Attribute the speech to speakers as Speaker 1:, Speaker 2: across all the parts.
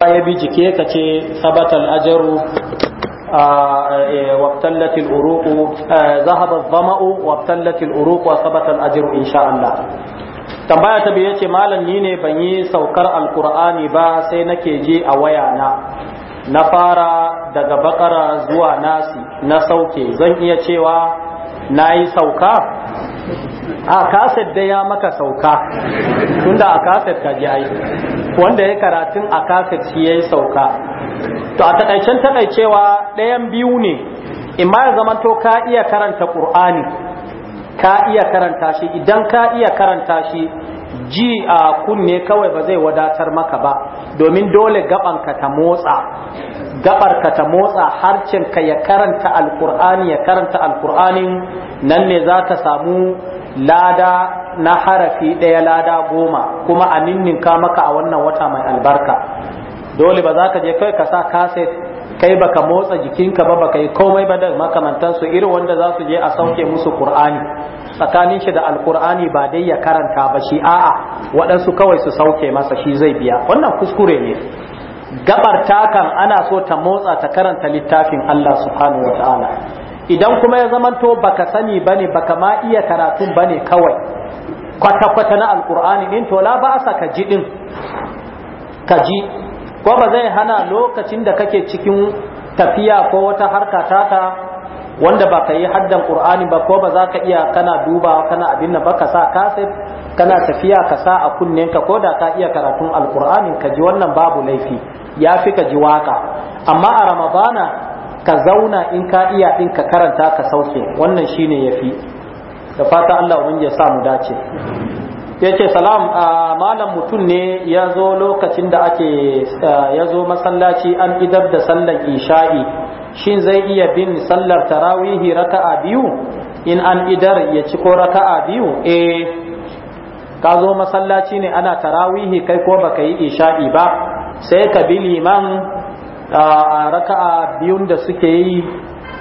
Speaker 1: ya bi jike ka ce sabatal ajaru وابتلت الأروق ذهب الظمأ وابتلت الأروق وثبت الأجر إن شاء Allah tambaya ta biyar ce malam ni ne ban yi saukar alkur'ani ba sai nake je a waya na na fara daga bakara zuwa nasi na sauke zan iya cewa na yi sauka a kaset da ya maka sauka tunda a kaset ka ji ai wanda ya karatun a kasat ya yi sauka to a takaicen takaicewa ɗayan biyu ne imma ya zama to ka iya karanta ƙur'ani ka iya karanta shi idan ka iya karanta shi ji a kunne kawai ba zai wadatar maka ba domin dole gabanka ta motsa gabarka ta motsa harcinka ya karanta alkur'ani ya karanta alkur'anin nan ne za ka samu lada na harafi ɗaya lada goma kuma a ninninka maka a wannan wata mai albarka dole ba za ka je kai ka sa kaset kai baka motsa jikinka ba baka yi komai ba da makamantansu irin wanda za su je a sauke musu qur'ani tsakanin shi da alqur'ani ba dai ya karanta ba shi a'a waɗansu kawai su sauke masa shi zai biya wannan kuskure ne gabar takan ana so ta motsa ta karanta littafin Allah subhanahu wataala idan kuma ya zamanto baka sani bane baka ma iya karatun bane kawai kwata-kwata na alkur'ani in to la ba sa ka ji din ka ji ko ba zai hana lokacin da kake cikin tafiya ko wata harka tata wanda ba ka yi haddan qur'ani ba ko ba za ka iya kana duba kana abin nan ba ka sa kaset kana tafiya ka sa a ka ko da ka iya karatun alkur'ani ka ji wannan babu laifi ya fi ka ji waka amma a ramadana ka zauna in ka iya din ka karanta ka sauke wannan shine yafi da fata Allah ubangiji ya sa mu dace yace salam malam mutum ne ya zo lokacin da ake ya zo masallaci an idar da sallar isha'i shin zai iya bin sallar tarawihi raka'a biyu in an idar ya ci ko raka'a biyu eh ka zo masallaci ne ana tarawihi kai ko baka yi isha'i ba sai ka bi liman raka'a biyun da suke yi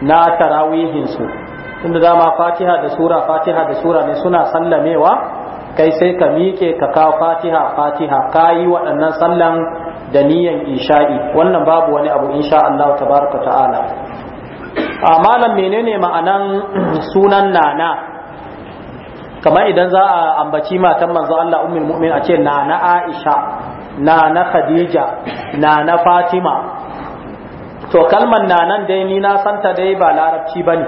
Speaker 1: na tarawihin su tunda dama fatiha da sura fatiha da sura ne suna sallamewa kai sai ka miƙe ka kawo fatiha fatiha ka yi waɗannan sallan da niyan isha'i wannan babu wani abu insha Allah tabaraka ta'ala a malam menene ma'anan sunan nana kamar idan za a ambaci matan manzo Allah ummul mu'min a ce nana Aisha nana Khadija nana Fatima to kalman na nan dai ni na santa dai ba larabci bane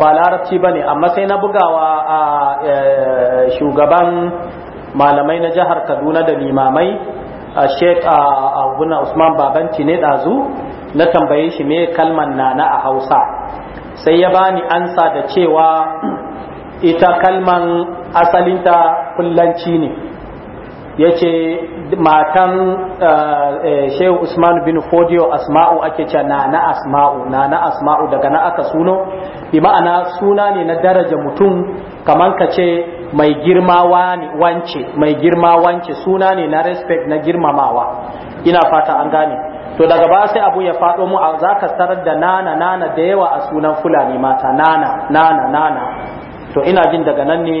Speaker 1: ba larabci bane amma sai na bugawa a e, shugaban malamai na jihar Kaduna da limamai a Sheikh Abuna Usman Babanci ne dazu na tambaye shi me kalman na na a Hausa sai ya bani ansa da cewa ita kalman asalinta kullanci ne ya ce matan eh, eh, shehu usman bin fodiyo asma'u ake ce na na asma'u na na asma'u daga na aka suno bi ma'ana suna ne na daraja mutum kamar ka ce mai girma wance mai girma wance suna ne na respect na girmamawa ina fata an gane to daga ba sai abu ya faɗo mu za ka sarar da nana nana da yawa a sunan fulani mata nana nana nana to ina jin daga nan ne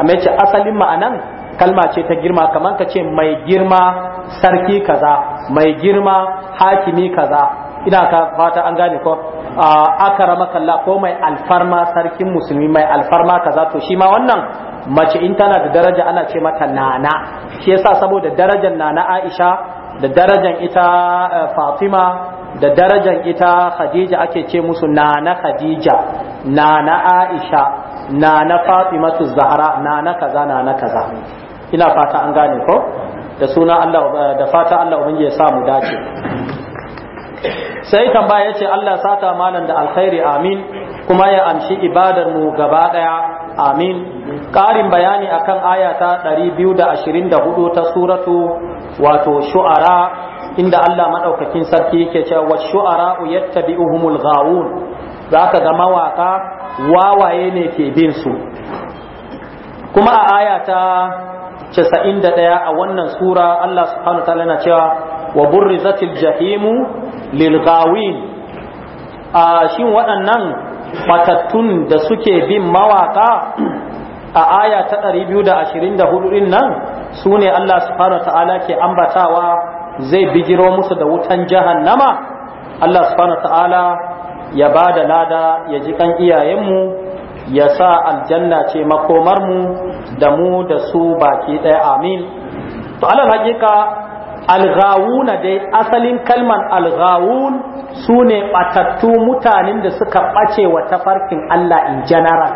Speaker 1: a mai ce asalin ma'anan kalma ce ta girma kamar ka ce mai girma sarki kaza mai girma hakimi kaza ina ka fata an gane ko rama kalla ko mai alfarma sarkin musulmi mai alfarma kaza to shi ma wannan mace in tana da daraja ana ce mata nana shi yasa saboda darajar nana Aisha da darajar ita eh, Fatima da darajar ita Khadija ake ce musu nana Khadija nana Aisha na na fatimatu zahara na na kaza na na kaza ina fata an gane ko da suna Allah da fata Allah ubangi ya samu dace sai tambaya yace Allah sata malan da alkhairi amin kuma ya amshi ibadar mu gaba daya amin ƙarin bayani akan aya ta 224 ta suratu wato shu'ara inda Allah madaukakin sarki yake cewa wa shu'ara yattabi'uhumul ghawun zaka ga mawaka wawaye ne ke bin su kuma a aya ta 91 a wannan sura Allah subhanahu ta'ala na cewa wa burrizatil jahimu lil ghawin a shin waɗannan matattun da suke bin mawaka a aya ta 224 din nan su ne Allah subhanahu ta'ala ke ambatawa zai bijiro musu da wutan jahannama Allah subhanahu ta'ala ya ba da lada ya ji kan iyayenmu ya sa aljanna ce makomarmu da mu da su baki ɗaya amin to alal hakika alghawuna dai asalin kalman alghawun su ne ɓatattu mutanen da suka ɓace wa tafarkin Allah in general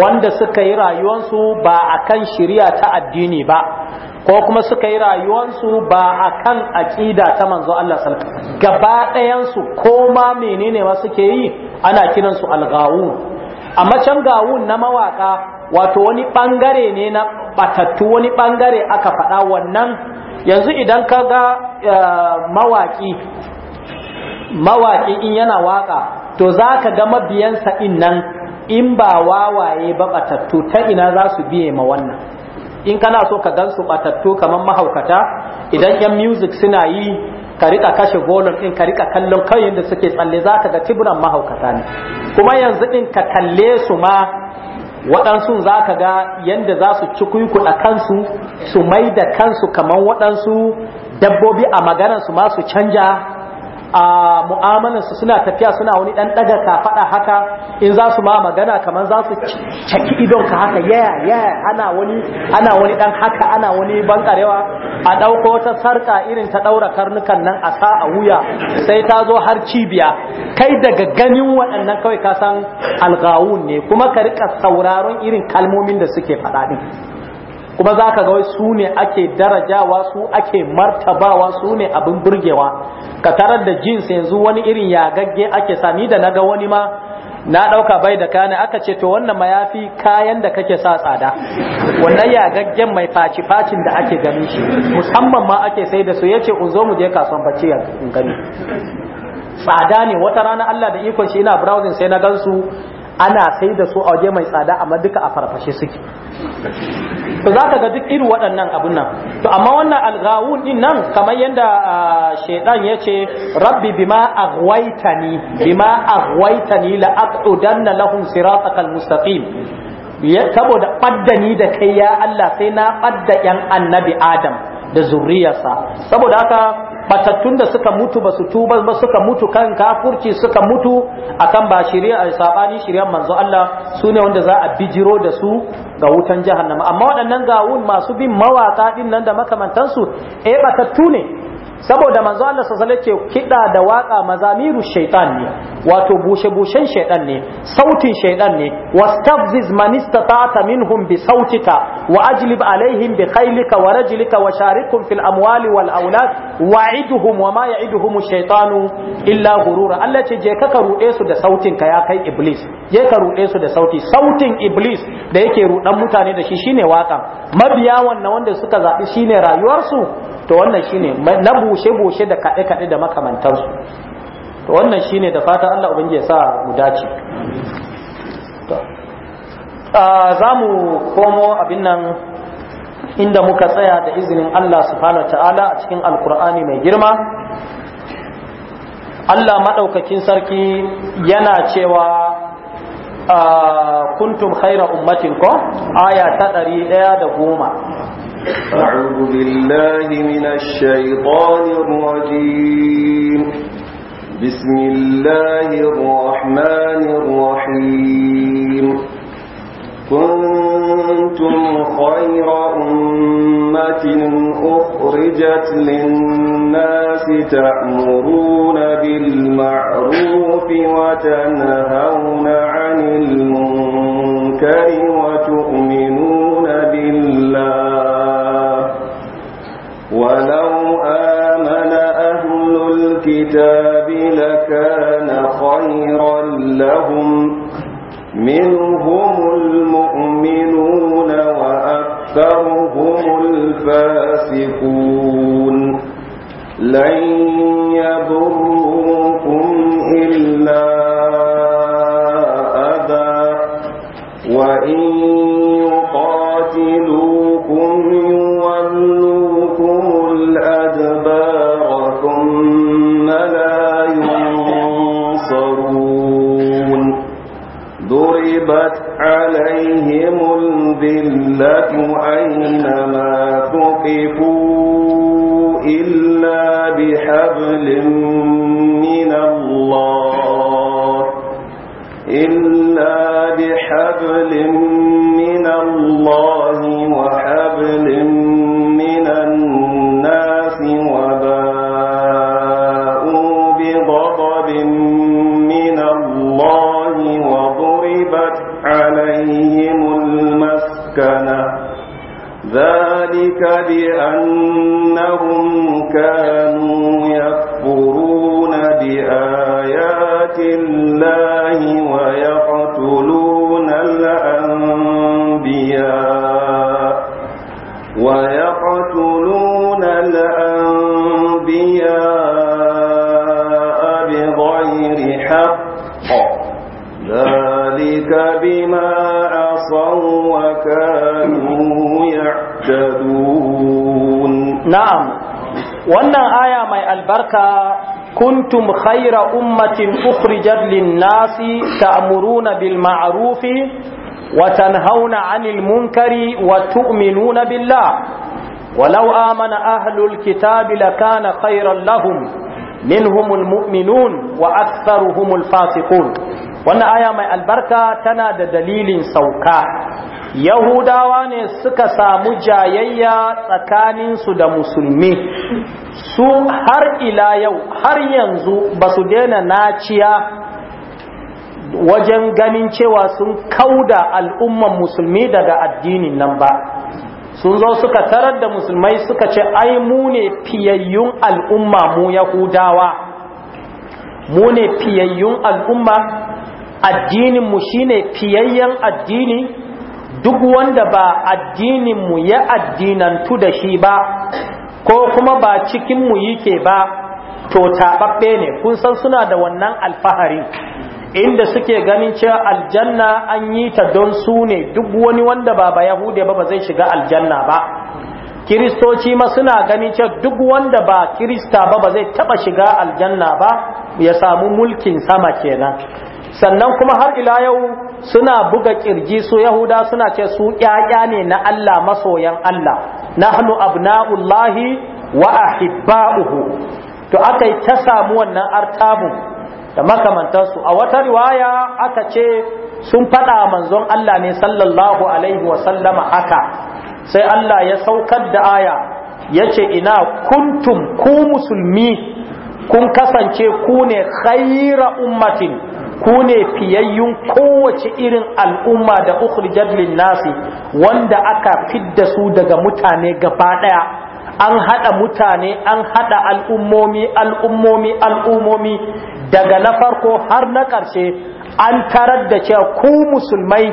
Speaker 1: wanda suka yi rayuwarsu ba akan kan ta addini ba ko kuma suka yi rayuwansu ba a kan aƙida ta manzo Allah sallallahu alaihi wasallam gaba ɗayansu ko ma menene ma suke yi ana kiran kiransu al-gawu. amma can gawun na mawaka wato wani bangare ne na batattu wani bangare aka faɗa wannan yanzu idan ka ga eh, mawaki mawaki in yana waka to za ka ga mabiyansa in nan in ba wawaye ba batattu ta ina za su biye ma wannan in kana so ka gan su batattu kamar mahaukata idan yan music suna yi ka rika kashe volon din ka rika kallon kawai da suke tsalle za ka ga tiburan mahaukata ne kuma yanzu in ka kalle su ma waɗansu za ka ga yadda za su ci kuikuɗa kansu su mai da kansu kamar waɗansu dabbobi a maganar su ma su canja a mu'amalarsu suna tafiya suna wani dan daga faɗa haka in za su ma magana kamar za su caki idon ka haka yaya yaya ana wani ana wani dan haka ana wani bankarewa a ɗauko wata sarƙa irin ta ɗaura karnukan nan a sa a wuya sai ta zo har cibiya kai daga ganin waɗannan kawai ka san algawun ne kuma ka rika sauraron irin kalmomin da suke faɗa din kuma za ka wai su ne ake darajawa su ake martabawa su ne abin burgewa ka tarar da jins yanzu wani irin yagagge ake sani da na ga wani ma na ɗauka bai da kane aka ce to wannan mayafi kayan da kake sa tsada wannan yagaggen mai faci-facin da ake gani shi musamman ma ake sai da su ya ce zo mu je kasuwan bacci ya gani tsada ne wata rana Allah da ikon shi ina browsing sai na gansu ana sai da su a waje mai tsada amma duka a farfashe suke
Speaker 2: to
Speaker 1: za ka ga duk irin waɗannan abun nan to amma wannan alghawun din nan kamar yadda shaidan ya ce rabbi bima aghwaytani bima aghwaytani la aqudanna lahum siratakal mustaqim saboda ni da kai ya Allah sai na ɓadda ‘yan annabi Adam da zurriyarsa saboda haka batattun da suka mutu ba su tuba ba suka mutu kan kafurci suka mutu akan ba a sabani shari'ar manzo Allah sune wanda za a bijiro da su ga wutan jahannama amma waɗannan gawun masu bin mawaka din nan da makamantansu eh batattu ne saboda manzo Allah sallallahu alaihi wasallam kida da waka mazamiru shaitan ne wato bushe-bushen shaidan ne sautin shaidan ne wastafziz manista ta minhum bi sautika wa ajlib alaihim bi khaylika wa rajlika wa sharikum fil amwali wal aulad iduhum wa ma ya'iduhum shaitanu illa hurura Allah ce je ka rude su da sautin ka ya kai iblis je ka rude su da sauti sautin iblis da yake ruɗan mutane da shi shine waka mabiya wannan wanda suka zabi shine rayuwarsu su to wannan shine na bushe-bushe da kaɗe-kaɗe da makamantarsu. to wannan shi ne da fata Allah ubangi ya sa mu dace za mu komo abin nan inda muka tsaya da izinin Allah subhanahu ta'ala a cikin alkur'ani mai girma Allah maɗaukakin sarki yana cewa kuntum khaira ummatin ko aya ta ɗari ɗaya da goma
Speaker 3: أعوذ بالله من الشيطان الرجيم بسم الله الرحمن الرحيم كنتم خير أمة أخرجت للناس تأمرون بالمعروف وتنهون عن المنكر الكتاب لكان خيرا لهم منهم المؤمنون وأكثرهم الفاسقون لن يضروا ضربت عليهم الذلة أينما تقفوا إلا بحبل من الله إلا بحبل من ذلك بأنهم كانوا يكفرون بآيات الله ويكفرون
Speaker 1: wannan aya mai albarka kuntum khaira ummatin ukhrijat lin-nasi ta'muruna bil ma'rufi wa tanhauna 'anil munkari wa tu'minuna billah walau amana ahlul kitabi lakana khairan lahum mu'minun منهم المؤمنون fasiqun wannan aya mai albarka tana da dalilin sauka yahudawa ne suka samu jayayya tsakaninsu da musulmi su har ila yau har yanzu ba su daina naciya wajen ganin cewa sun kauda al'ummar musulmi daga addinin nan ba sun zo suka tarar da musulmai suka ce ai mu ne fiyayyun al'umma mu yahudawa mu ne fiyayyun al'umma addinin mu shine fiyayyen addini duk wanda ba addininmu ya addinantu da shi ba ko kuma ba cikinmu yake ba to taɓaɓɓe ne kun san suna da wannan alfahari inda suke ganin cewa aljanna an yi ta don su ne duk wani wanda ba ba yahude ba ba zai shiga aljanna ba kiristoci ma suna ganin cewa duk wanda ba kirista ba ba zai taɓa shiga aljanna ba ya samu mulkin sama kenan sannan kuma har ila yau suna buga kirji su yahuda suna ce su ƴaƴa ne na Allah masoyan Allah nahnu abna'ullahi wa ahibba'uhu to yi ta samu wannan artabu da makamantarsu a wata riwaya aka ce sun faɗa manzon Allah ne sallallahu alaihi wa sallama haka sai Allah ya saukar da aya yace ina kuntum ku musulmi kun kasance ku ne khaira ummatin ku ne fiyayyun kowace irin al'umma da ukhrijat lin nasi wanda aka fidda su daga mutane gaba daya an hada mutane an hada al'ummomi al'ummomi al'ummomi daga na farko har na karshe an tarar da cewa ku musulmai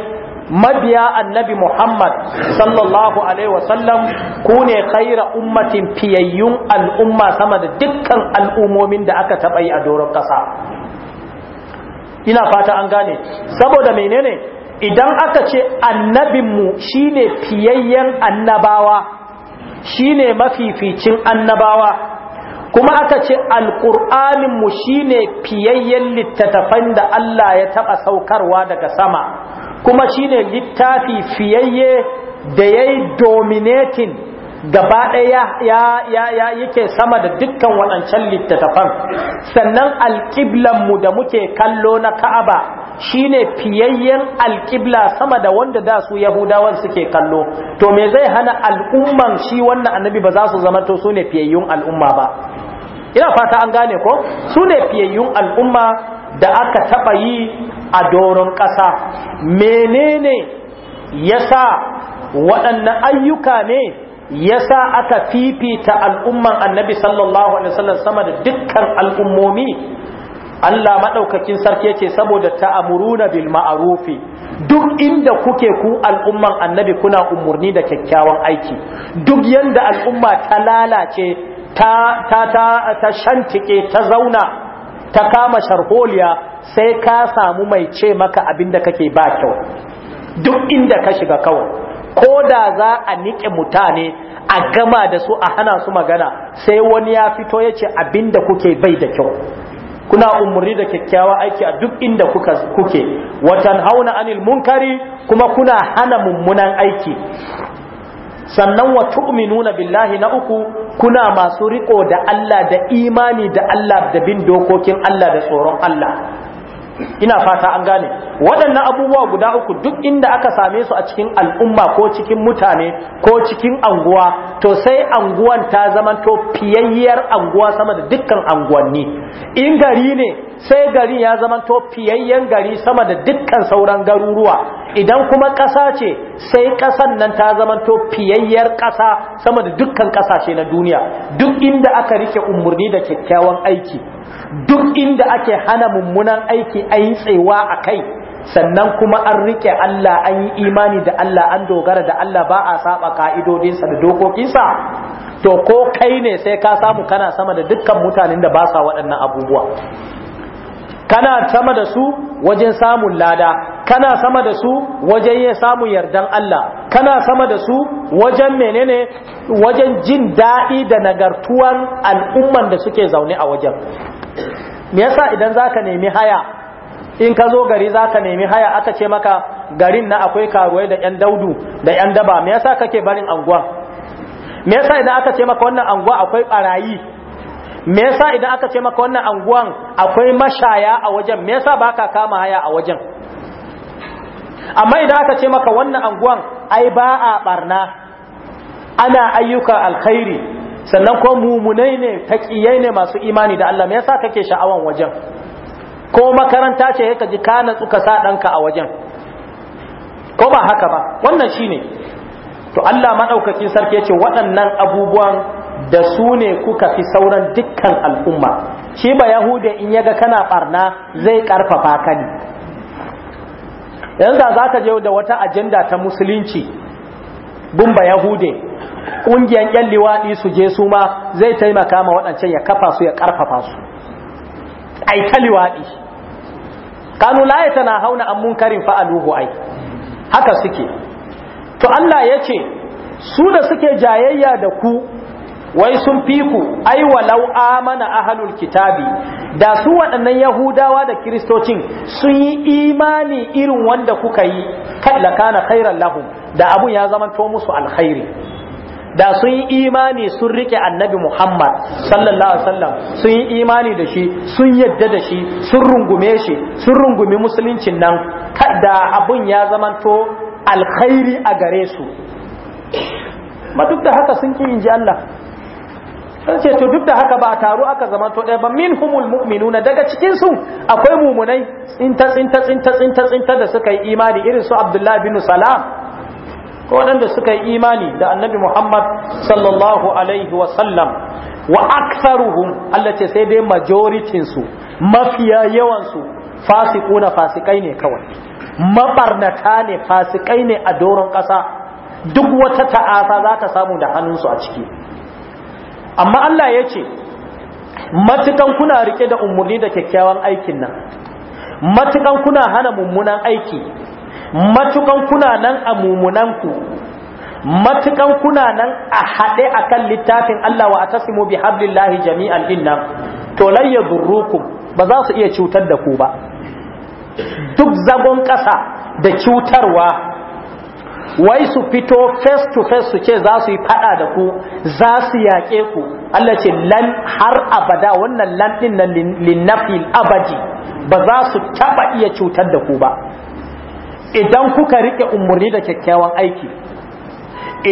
Speaker 1: mabiya annabi Muhammad sallallahu alaihi wasallam ku ne khaira ummatin fiyayyun al'umma sama da dukkan al'ummomin da aka taɓa yi a doron ƙasa ina fata an gane saboda menene idan aka ce annabinmu shine fiyayyen annabawa shine mafificin annabawa kuma aka ce alƙur'aninmu shine fiyayyen littattafan da Allah ya taɓa saukarwa daga sama kuma shine littafi fiyayye da ya yi dominating gaba ɗaya ya yake sama da dukkan waɗancan littattafan sannan alƙiblanmu da muke kallo na ka'aba shine fiyayyen alƙibla sama da wanda da su yahudawan suke kallo to me zai hana al'umman shi wannan annabi ba za su zama to su ne fiyayyun al'umma ba ina fata an gane ko su ne fiyayyun al'umma da aka taɓa yi a doron ƙasa menene yasa waɗannan ayyuka ne yasa aka fifita al'umman annabi sallallahu alaihi wasallam sama da dukkan al'ummomi Allah madaukakin sarki yace saboda ta'amuruna bil ma'rufi duk inda kuke ku al'umman annabi kuna umurni da kyakkyawan aiki duk yanda al'umma ta lalace ta ta ta, ta shantike ta zauna ta kama sharholiya sai ka samu mai ce maka abinda kake ba kyau duk inda ka shiga kawai ko da za a niƙe mutane a gama da su a hana su magana sai wani ya fito ya ce abin kuke bai da kyau kuna umarni da kyakkyawa aiki a duk inda kuka kuke watan hauna anil munkari kuma kuna hana mummunan aiki sannan wa tu'minuna billahi na uku kuna masu riko da Allah da imani da Allah da bin dokokin Allah da tsoron Allah ina fata an gane waɗannan abubuwa guda uku duk inda aka same su a cikin al'umma ko cikin mutane ko cikin anguwa to sai anguwan ta zamanto fiyayyar anguwa sama da dukkan anguwanni in gari ne sai gari ya zamanto fiyayyen gari sama da dukkan sauran garuruwa idan kuma ƙasa ce sai ƙasan nan ta zamanto fiyayyar ƙasa sama da dukkan ƙasashe na duniya duk inda aka rike umarni da kyakkyawan aiki duk inda ake hana mummunan aiki a yi tsewa a kai sannan kuma an rike Allah an yi imani da Allah an dogara da Allah ba a saba ka'idodinsa da dokokinsa to ko kai ne sai ka samu kana sama da dukkan mutanen da ba sa waɗannan abubuwa kana sama da su wajen samun lada kana sama da su wajen yin samu yardan Allah kana sama da su wajen menene wajen jin daɗi da nagartuwan al'umman da suke zaune a wajen me yasa idan zaka nemi haya in ka zo gari zaka nemi haya aka ce maka garin na akwai karuwai da yan daudu da yan daba me yasa kake barin anguwa me yasa idan aka ce maka wannan anguwa akwai barayi me yasa idan aka ce maka wannan anguwan akwai mashaya a wajen me yasa baka kama haya a wajen amma idan aka ce maka wannan anguwan ai ba a barna ana ayyuka alkhairi sannan ko mumunai ne taqiyai ne masu imani da Allah me yasa kake sha'awan wajen ko makaranta ce ka ji kana tsuka sa danka a wajen ko ba haka ba wannan shine to Allah madaukakin sarki yace waɗannan abubuwan da su ne kuka fi sauran dukkan al'umma shi ba yahuda in yaga kana barna zai karfafa ka ne yanzu za ka je da wata ajanda ta musulunci bumba yahude ƙungiyar yan liwaɗi su je su ma zai taimaka ma waɗancan ya kafa su ya ƙarfafa su Aika liwaɗi kanu laye tana hauna an munkarin fa'aluhu ai haka suke to Allah ya ce su da suke jayayya da ku wai sun fi ku ai walau amana ahalul kitabi da su waɗannan yahudawa da kiristocin sun yi imani irin wanda kuka yi kai lakana kana khairan lahum da abun ya zama to musu alkhairi da sun yi imani sun rike annabi Muhammad sallallahu alaihi wasallam sun yi imani da shi sun yadda da shi sun rungume shi sun rungumi musuluncin nan kada abun ya zamanto alkhairi a gare su ma duk da haka sun ki inji Allah sun ce to duk da haka ba taru aka zamanto to ɗaya ba min humul mu'minuna daga cikin su akwai mumunai tsinta tsinta tsinta tsinta tsinta da suka yi imani irin su Abdullahi bin Salam ko waɗanda suka yi imani da annabi Muhammad sallallahu alaihi wa sallam wa aktharuhum Allah ce sai dai majoritin su mafiya yawan su fasiquna fasikai ne kawai mabarnata ne fasikai ne a doron ƙasa duk wata ta'asa za ta samu da hannunsu a ciki amma Allah ya ce matukan kuna rike da umarni da kyakkyawan aikin nan matukan kuna hana mummunan aiki matukan kuna nan a mumunanku matukan kuna nan a haɗe akan littafin Allah wa atasimu bi hablillahi jami'an dinnan to lan yadurrukum ba za su iya cutar da ku ba duk zagon ƙasa da cutarwa wai su fito face to face su ce za su yi faɗa da ku za su yaƙe ku Allah ce lan har abada wannan lan din nan linnafil abadi ba za su taɓa iya cutar da ku ba idan kuka rike umarni da kyakkyawan aiki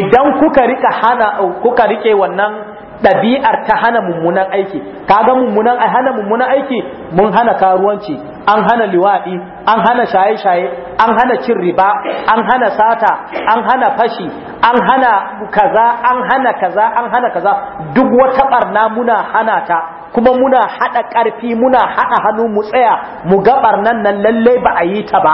Speaker 1: idan kuka rike hana kuka rike wannan ɗabi'ar ta hana mummunan aiki kaga mummunan ai hana mummunan aiki mun hana karuwanci an hana liwaɗi an hana shaye-shaye an hana cin riba an hana sata an hana fashi an hana kaza an hana kaza an hana kaza duk wata ɓarna muna hana ta kuma muna hada karfi muna hada hannu mu tsaya mu ga ɓarnan nan lalle ba a yi ta ba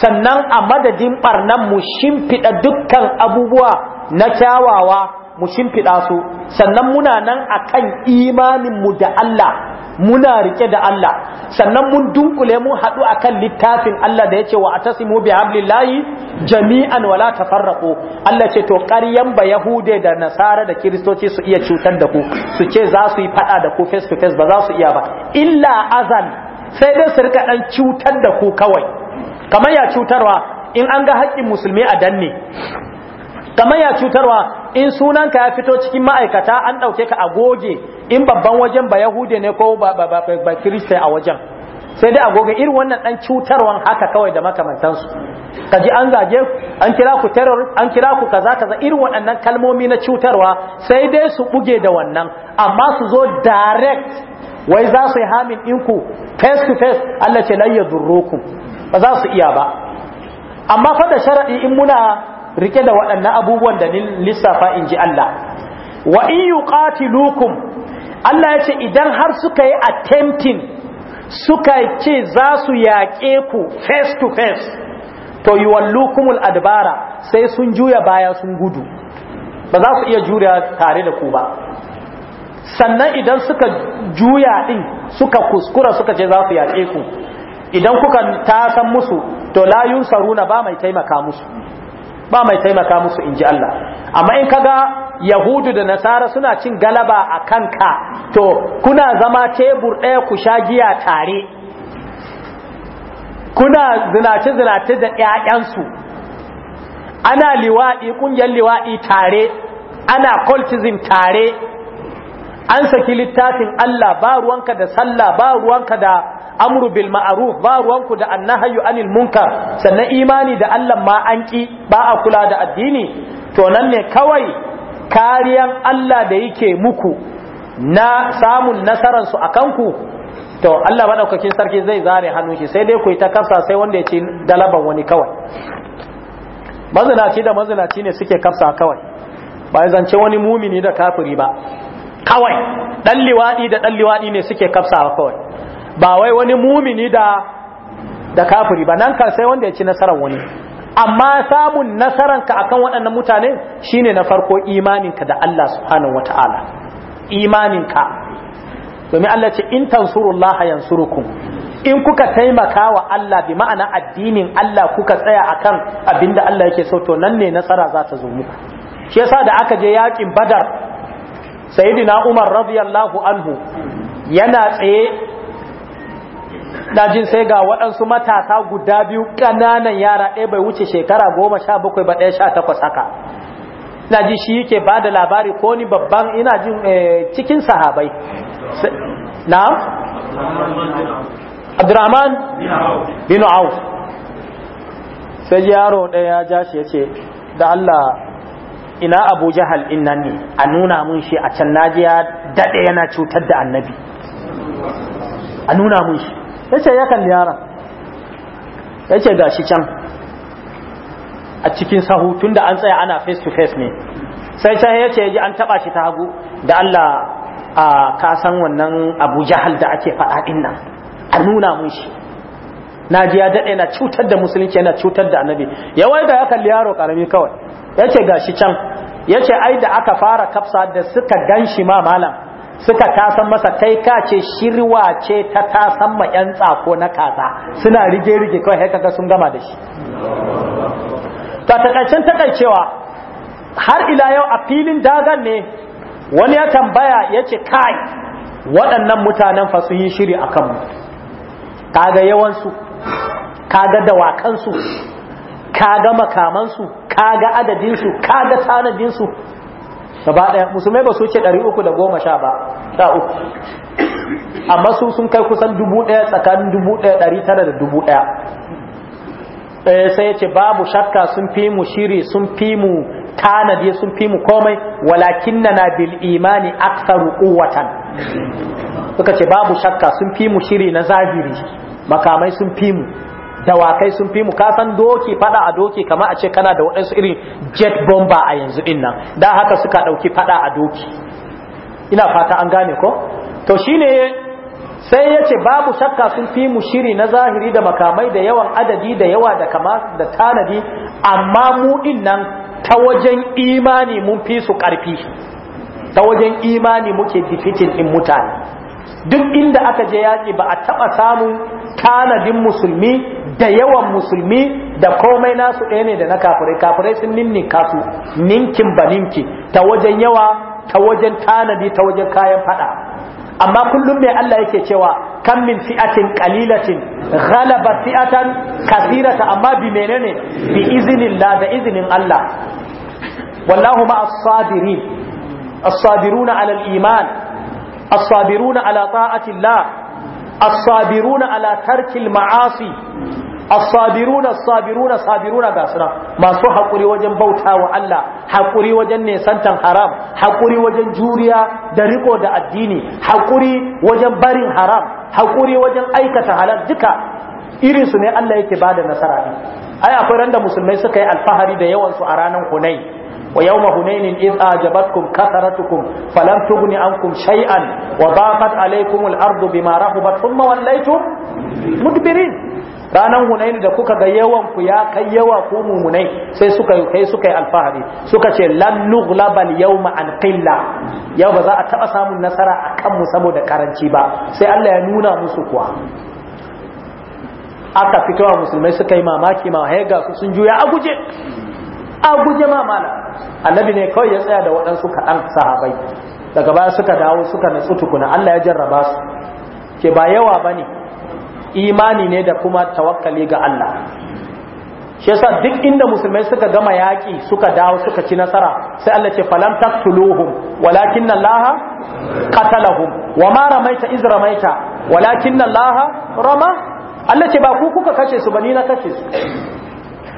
Speaker 1: sannan a madadin ɓarnan mu shimfiɗa dukkan abubuwa na kyawawa mu shimfiɗa su sannan muna nan akan imanin mu da Allah muna rike da Allah sannan mun dunkule mun haɗu akan littafin Allah da yace wa atasimu bi hablillahi jami'an wala tafarraqu Allah ce to ƙaryan ba yahude da nasara da kiristoci su iya cutar da ku su ce za su yi faɗa da ku face to face ba za su iya ba illa azan sai dai su rika ɗan cutar da ku kawai kamar ya cutarwa in an ga haƙƙin musulmi a danne kamar ya cutarwa in sunanka ya fito cikin ma'aikata an ɗauke ka a goge in babban wajen ba yahude ne ko ba kiristai a wajen sai dai a goge irin wannan ɗan cutarwan haka kawai da makamantansu ka ji an zage an kira ku terror an kira ku kaza kaza irin waɗannan kalmomi na cutarwa sai dai su buge da wannan amma su zo direct wai za su yi hamin ɗinku face to face Allah ce lai ya ba za su iya ba amma fa da sharaɗi in muna rike da waɗannan abubuwan da lissafa in ji Allah wa in yuqatilukum Allah ya ce idan har suka yi attempting suka ce za su yaƙe ku face to face to yuwallukumul adbara sai sun juya baya sun gudu ba za su iya juriya tare da ku ba sannan idan suka juya din suka kuskura suka ce za su yaƙe ku idan kuka tasan musu to la yunsaruna ba mai taimaka musu ba mai taimaka musu in ji Allah amma in kaga yahudu da nasara suna cin galaba a kanka to kuna zama tebur ɗaya ku sha giya tare kuna zinace-zinace da ƴaƴansu. ana liwaɗi ƙungiyar liwaɗi tare ana cultism tare an saki littafin Allah ba ruwanka da sallah ba ruwanka da amru bil ma'ruf ba ruwanku da annahayyu anil munkar sannan imani da Allah ma an ki ba a kula da addini to nan ne kawai kariyan Allah da yake muku na samun nasaran su akan ku to Allah madaukakin sarki zai zare hannun shi sai dai ku yi ta kafsa sai wanda ya ci dalaban wani kawai mazinaci da mazinaci ne suke kafsa kawai ba ya zance wani mumini da kafiri ba kawai dan liwadi da dan liwadi ne suke kafsa kawai ba wai wani mumini da da kafiri ba nan kan sai wanda ya ci nasarar wani amma samun nasaranka akan waɗannan mutane shine na farko imaninka da Allah subhanahu wata'ala imaninka domin Allah ce in tansurullah yansurukum in kuka taimaka wa Allah bi ma'ana addinin Allah kuka tsaya akan abinda Allah yake so to nan ne nasara za ta zo muku shi yasa da aka je yakin badar sayyidina Umar radiyallahu anhu yana tsaye ɗajin sai ga waɗansu matasa guda biyu ƙananan yara ɗaya bai wuce shekara goma sha bakwai ba ɗaya sha takwas haka ina ji shi yake ba da labari ko ni babban ina jin eh, cikin sahabai na abdurrahman bin auf sai yaro ɗaya ya ja shi ya ce da allah ina abu jahal inna ne a nuna mun shi a can naji ya daɗe yana cutar da annabi a nuna mun shi ya ce ya kalli yaran ya ce can a cikin sahu tun da an tsaya ana face to face ne sai sai ya ce ji an taba shi ta hagu da Allah a kasan wannan abu jahal da ake faɗa nan a nuna mun shi na ya daɗe na cutar da musulunci yana cutar da annabi yawai da ya kalli yaro karami kawai yace gashi can yace ai da aka fara kafsa da suka gan shi ma malam suka tasan masa kai ka shirwa ce ta tasan ma yan tsako na kaza suna rige rige kawai sai kaga sun gama da shi ta takaicen takaicewa har ila yau a filin dagan ne wani ya tambaya yace- ce kai waɗannan mutanen fa sun yi shiri a kanmu kaga yawansu kaga dawakansu kaga makamansu kaga adadinsu kaga tanadinsu gaba ɗaya musulmai ba su ce ɗari uku da goma sha ba sha uku amma su sun kai kusan dubu ɗaya tsakanin dubu ɗaya ɗari tara da dubu ɗaya eh, sai ya ce babu shakka sun fi mu shiri sun fi mu tanadi sun fi mu komai walakin na bil imani aksaru kuwatan suka ce babu shakka sun fi mu shiri na zahiri makamai sun fi mu dawakai sun fi mu kasan doki fada a doki kama a ce kana da waɗansu irin jet bomba a yanzu din nan da haka suka ɗauki fada a doki ina fata an gane ko to shine sai ya ce babu shakka sun fi mu shiri na zahiri da makamai da yawan adadi da yawa da kama da tanadi amma mu din nan ta wajen imani mun fi su ƙarfi ta wajen imani muke difitin in mutane duk inda aka je yaki ba a taɓa samun tanadin musulmi da yawan musulmi da komai nasu ɗaya ne da na kafirai kafirai sun ninnin kasu ninkin ba ninki ta wajen yawa ta wajen tanadi ta wajen kayan fada amma kullum mai Allah yake cewa kan min fi'atin qalilatin ghalaba fi'atan kathirata amma bi menene bi iznillah da iznin Allah wallahu ma as-sabirin as-sabiruna 'ala al-iman as-sabiruna 'ala ta'ati Allah as-sabiruna 'ala tarki al-ma'asi as-sabiruna sabiruna sabiruna ga suna masu hakuri wajen bautawa Allah hakuri wajen nesantan haram hakuri wajen juriya da riko da addini hakuri wajen barin haram hakuri wajen aikata halal duka irin su ne Allah yake da nasara ne ai akwai randa musulmai suka yi alfahari da yawan su a ranar Hunain ويوم هنين إذ أعجبتكم كثرتكم فلم تغن عنكم شيئا وضاقت عليكم الأرض بما رحبت ثم وليتم مدبرين ranan hunaini da kuka ga yawan ku ya kai yawa ko mumunai sai suka kai suka yi alfahari suka ce lan nughlabal yawma an qilla yau ba za a taba samun nasara akan mu saboda karanci ba sai Allah ya nuna musu kuwa aka fitowa musulmai suka yi mamaki ma haiga su sun juya a guje a guje ma mala annabi ne kawai ya tsaya da waɗansu kaɗan sahabai daga baya suka dawo suka natsu tukuna Allah ya jarraba su ke ba yawa bane imani ne da kuma tawakkali ga Allah shi yasa duk inda musulmai suka gama yaƙi suka dawo suka ci nasara sai Allah ce falam taqtuluhum walakin Allah qatalahum wama ramaita iz ramaita walakin Allah rama Allah ce ba ku kuka kace su bani na kace su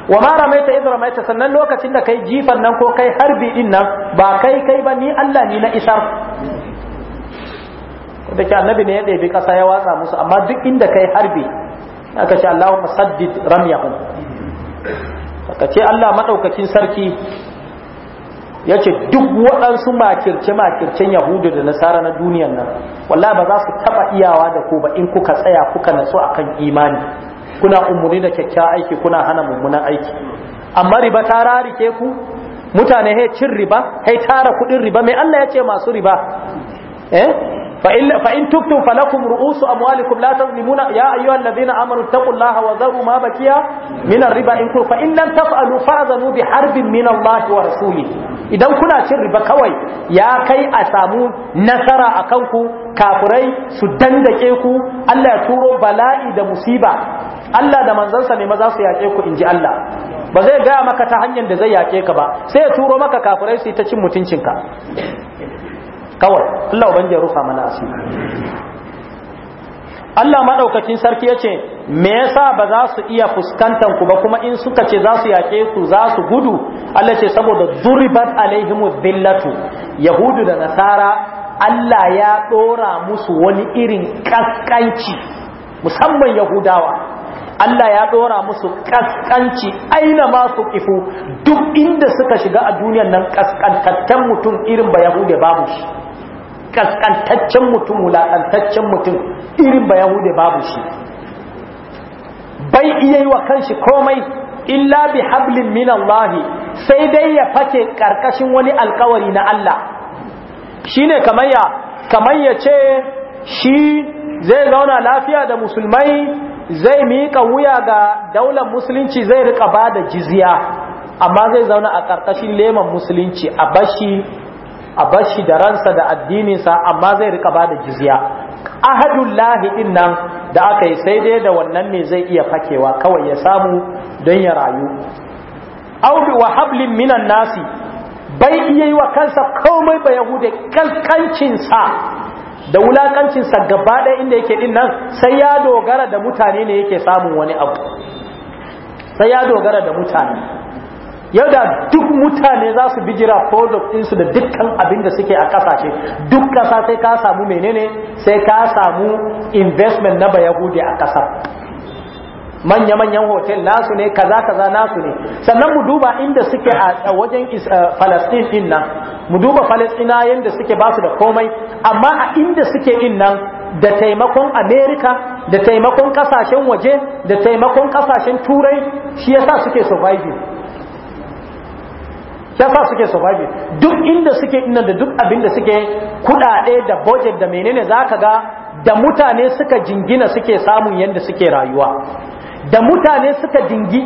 Speaker 1: wa ma ramaita idh ramaita sannan lokacin da kai jifan nan ko kai harbi din nan ba kai kai ba ni Allah ni na isar da ke annabi ne ya ɗebi ƙasa ya watsa musu amma duk inda kai harbi aka ce Allahumma saddid ramyahum aka ce Allah maɗaukacin sarki ya ce duk waɗansu makirce-makircen yahudu da nasara na duniyan nan wallah ba za su taɓa iyawa da ku ba in kuka tsaya kuka nasu akan imani kuna umarni da kyakkyawa aiki kuna hana mummunan aiki amma riba ta rarike ku mutane hai cin riba hai tara kuɗin riba mai Allah ya ce masu riba eh فإن تبتم فلكم رؤوس أموالكم لا تظلمون يا أيها الذين آمنوا اتقوا الله وذروا ما بكي من الربا إن كنتم فإن لم تفعلوا فأذنوا بحرب من الله ورسوله إذا كنا cin riba kawai ya kai a samu nasara a ku kafurai su dandake ku Allah ya turo bala'i da musiba Allah da manzansa ne maza su yaƙe ku inji Allah ba zai gaya maka ta hanyar da zai yaƙe ka ba sai ya turo maka kafurai su yi ta cin mutuncinka kawai Allah ubangiji rufa mana asiri Allah maɗaukacin sarki ya ce, Me yasa ba za su iya fuskantan ku ba kuma in suka ce za su yaƙe ku za su gudu, Allah ce saboda duribat alaihimu zillatu, Yahudu da Nasara, Allah ya ɗora musu wani irin ƙasƙanci, musamman Yahudawa. Allah ya ɗora musu ƙasƙanci aina masu kifu duk inda suka shiga a duniyan nan kaskantattan mutum irin ba Yahude babu shi. kaskantaccen mutum wulaƙantaccen mutum irin ba yahude babu shi bai iya yi wa kanshi komai illa bi hablin min Allah sai dai ya fake ƙarƙashin wani alkawari na Allah Shi ne kamar ya ce shi zai zauna lafiya da musulmai zai miƙa wuya ga daular musulunci zai riƙa ba da jiziya, amma zai zauna a ƙarƙashin leman musulunci a bashi a bashi da ransa da addininsa amma zai rika ba da jizya ahadullahi din nan da aka yi sai dai da wannan ne zai iya fakewa kawai ya samu don ya rayu audu wa hablin minan nasi bai iya yi wa kansa komai ba yahude kankancinsa da wulakancinsa gaba ɗaya inda yake din nan sai ya dogara da mutane ne yake samun wani abu sai ya dogara da mutane yau duk mutane za su bijira product ɗinsu da dukkan abin da suke a kasashe duk ƙasa sai ka samu menene sai ka samu investment na bayahudi a kasa manya-manyan hotel nasu ne kaza-kaza nasu ne sannan mu duba inda suke a wajen uh, palestine din nan mu duba palestina yadda suke basu da komai amma a inda suke din nan da taimakon amerika da taimakon kasashen waje da taimakon kasashen turai shi yasa suke surviving ya suke survive duk inda suke inda da duk abin da suke kudade da budget da menene zaka ga da mutane suka jingina suke samun yanda suke rayuwa da mutane suka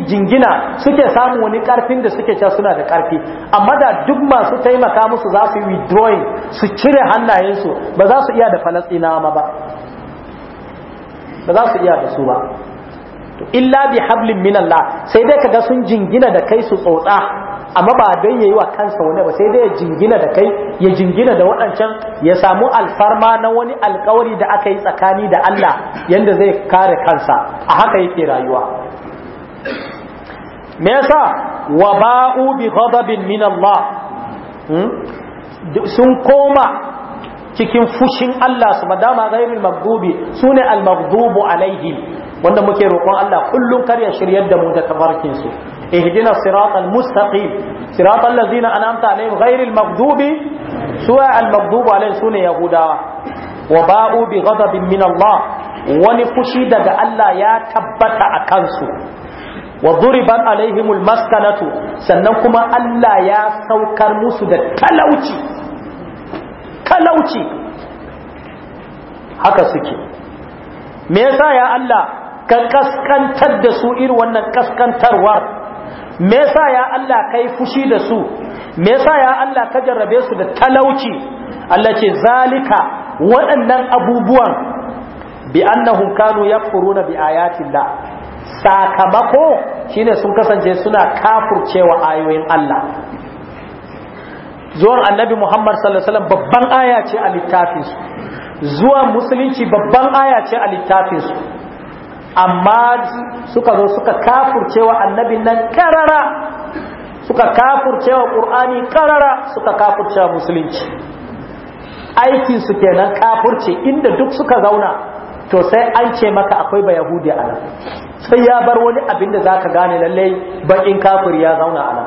Speaker 1: jingina suke samun wani karfin da suke cewa suna da karfi amma da duk masu taimaka musu za su su cire hannayensu ba za su iya da falasina ma ba ba za su iya da su ba illa bi hablin minallah sai dai kaga sun jingina da kai su tsotsa amma ba don yayi wa kansa wani ba sai dai ya jingina da kai ya jingina da waɗancan ya samu alfarma na wani alkawari da aka yi tsakani da Allah yanda zai kare kansa a haka yake rayuwa me yasa wa ba'u bi ghadabin min Allah hmm? sun koma cikin fushin Allah su madama ghairul maghdubi sune al maghdubu alaihim wanda muke roƙon Allah kullum kar ya shiryar da mu da tabarkin su اهدنا الصراط المستقيم صراط الذين أنعمت عليهم غير المغضوب سواء المغضوب عليهم سنة يهودا وباءوا بغضب من الله ونفشي دقى ألا يا تبت أكنسو وضربت عليهم المسكنة سننكما ألا يا سوكر مسد تلوتي تلوتي haka suke me yasa ya Allah ka kaskantar da su irin wannan kaskantarwar me yasa ya Allah kai fushi da su me yasa ya Allah ka jarrabe su da talauci Allah ce zalika waɗannan abubuwan bi annahum kanu yakfuruna bi ayatillah sakamako shine sun kasance suna kafurcewa ayoyin Allah zuwan annabi Muhammad sallallahu alaihi wasallam babban aya ce a su. zuwan musulunci babban aya ce a su. amma suka zo suka kafurcewa annabin nan karara suka kafurcewa qur'ani karara suka kafurcewa musulunci Aikinsu su kenan kafurce inda duk suka zauna to sai an ce maka akwai ba yahudi a nan sai ya bar wani abin da zaka gane lallai bakin kafir ya zauna a nan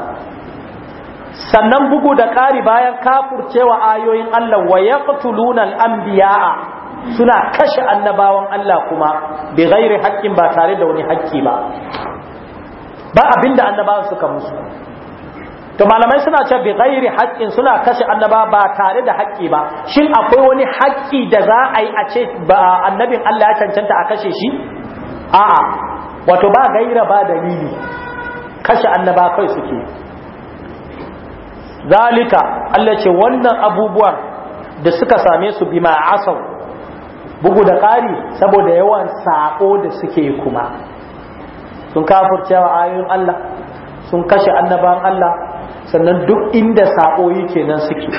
Speaker 1: sannan bugu da ƙari bayan kafurcewa ayoyin Allah wa yaqtuluna al-anbiya'a suna kashe annabawan Allah kuma bai gairi haƙƙin ba tare da wani haƙƙi ba ba abinda annabawan suka musu to malamai suna ce bai gairi haƙƙin suna kashe annaba ba tare da haƙƙi ba shin akwai wani haƙƙi da za a yi a ce annabin Allah ya cancanta a kashe shi a'a wato ba gaira ba dalili kashe annaba kai suke zalika Allah ce wannan abubuwan da suka same su bima asau bugu da ƙari saboda yawan saƙo da suke kuma sun cewa ayoyin Allah sun kashe annaban Allah sannan duk inda saƙo yake nan suke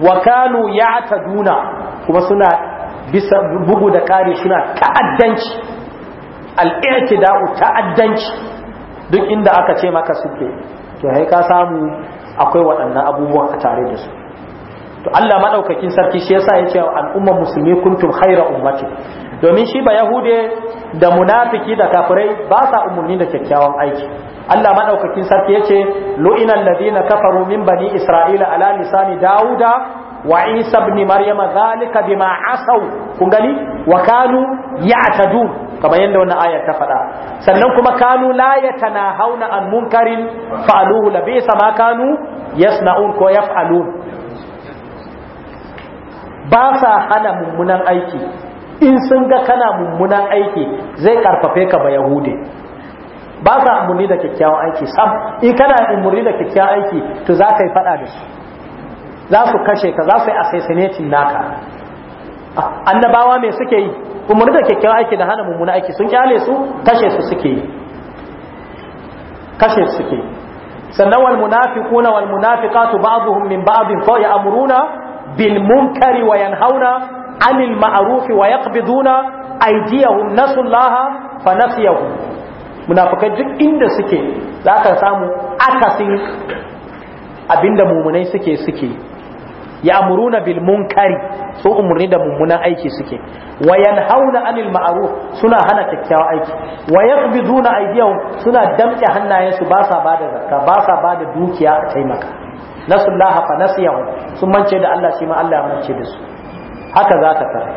Speaker 1: wa kanu ya'taduna kuma suna bisa bugu da ƙari suna ta'addanci al ta'addanci duk inda aka ce maka suke to sai ka samu akwai waɗannan abubuwan a tare da su to Allah madaukakin sarki shi yasa yace al'umma musulmi kuntum khaira ummati domin shi ba yahude da munafiki da kafirai ba sa umurni da kyakkyawan aiki Allah madaukakin sarki yace lu'ina alladhina kafaru min bani isra'ila ala lisani dauda wa isa ibn maryama zalika bima asaw kun gani wa kanu ya'tadu kamar yadda wannan ayar ta faɗa sannan kuma kanu la yatanahawna an munkarin fa'aluhu labisa ma kanu yasna'un ko yaf'alun ba sa hana mummunan aiki in sun ga kana mummunan aiki zai karfafe ka ba yahude ba sa umarni da kyakkyawan aiki sam in kana umarni da kyakkyawan aiki to za ka yi fada da su za su kashe ka za su yi assassinating naka annabawa me suke yi umarni da kyakkyawan aiki da hana mummunan aiki sun kyale su kashe su suke yi kashe su suke yi sannan wal munafiquna wal munafiqatu ba'dhum min ba'd fa ya'muruna bil munkari wa yanhauna anil ma'rufi wa yaqbiduna aydiyahum nasullaha fa duk inda suke zaka samu akasin abinda mumunai suke suke ya bil munkari su umurni da mummunan aiki suke wa yanhauna anil ma'ruf suna hana kyakkyawan aiki wa yaqbiduna aydiyahum suna damƙe hannayensu ba sa bada zakka ba sa bada dukiya a taimaka nasu laha fa nasiyahu sun mance da Allah shi ma Allah ya mance da su haka za ka fara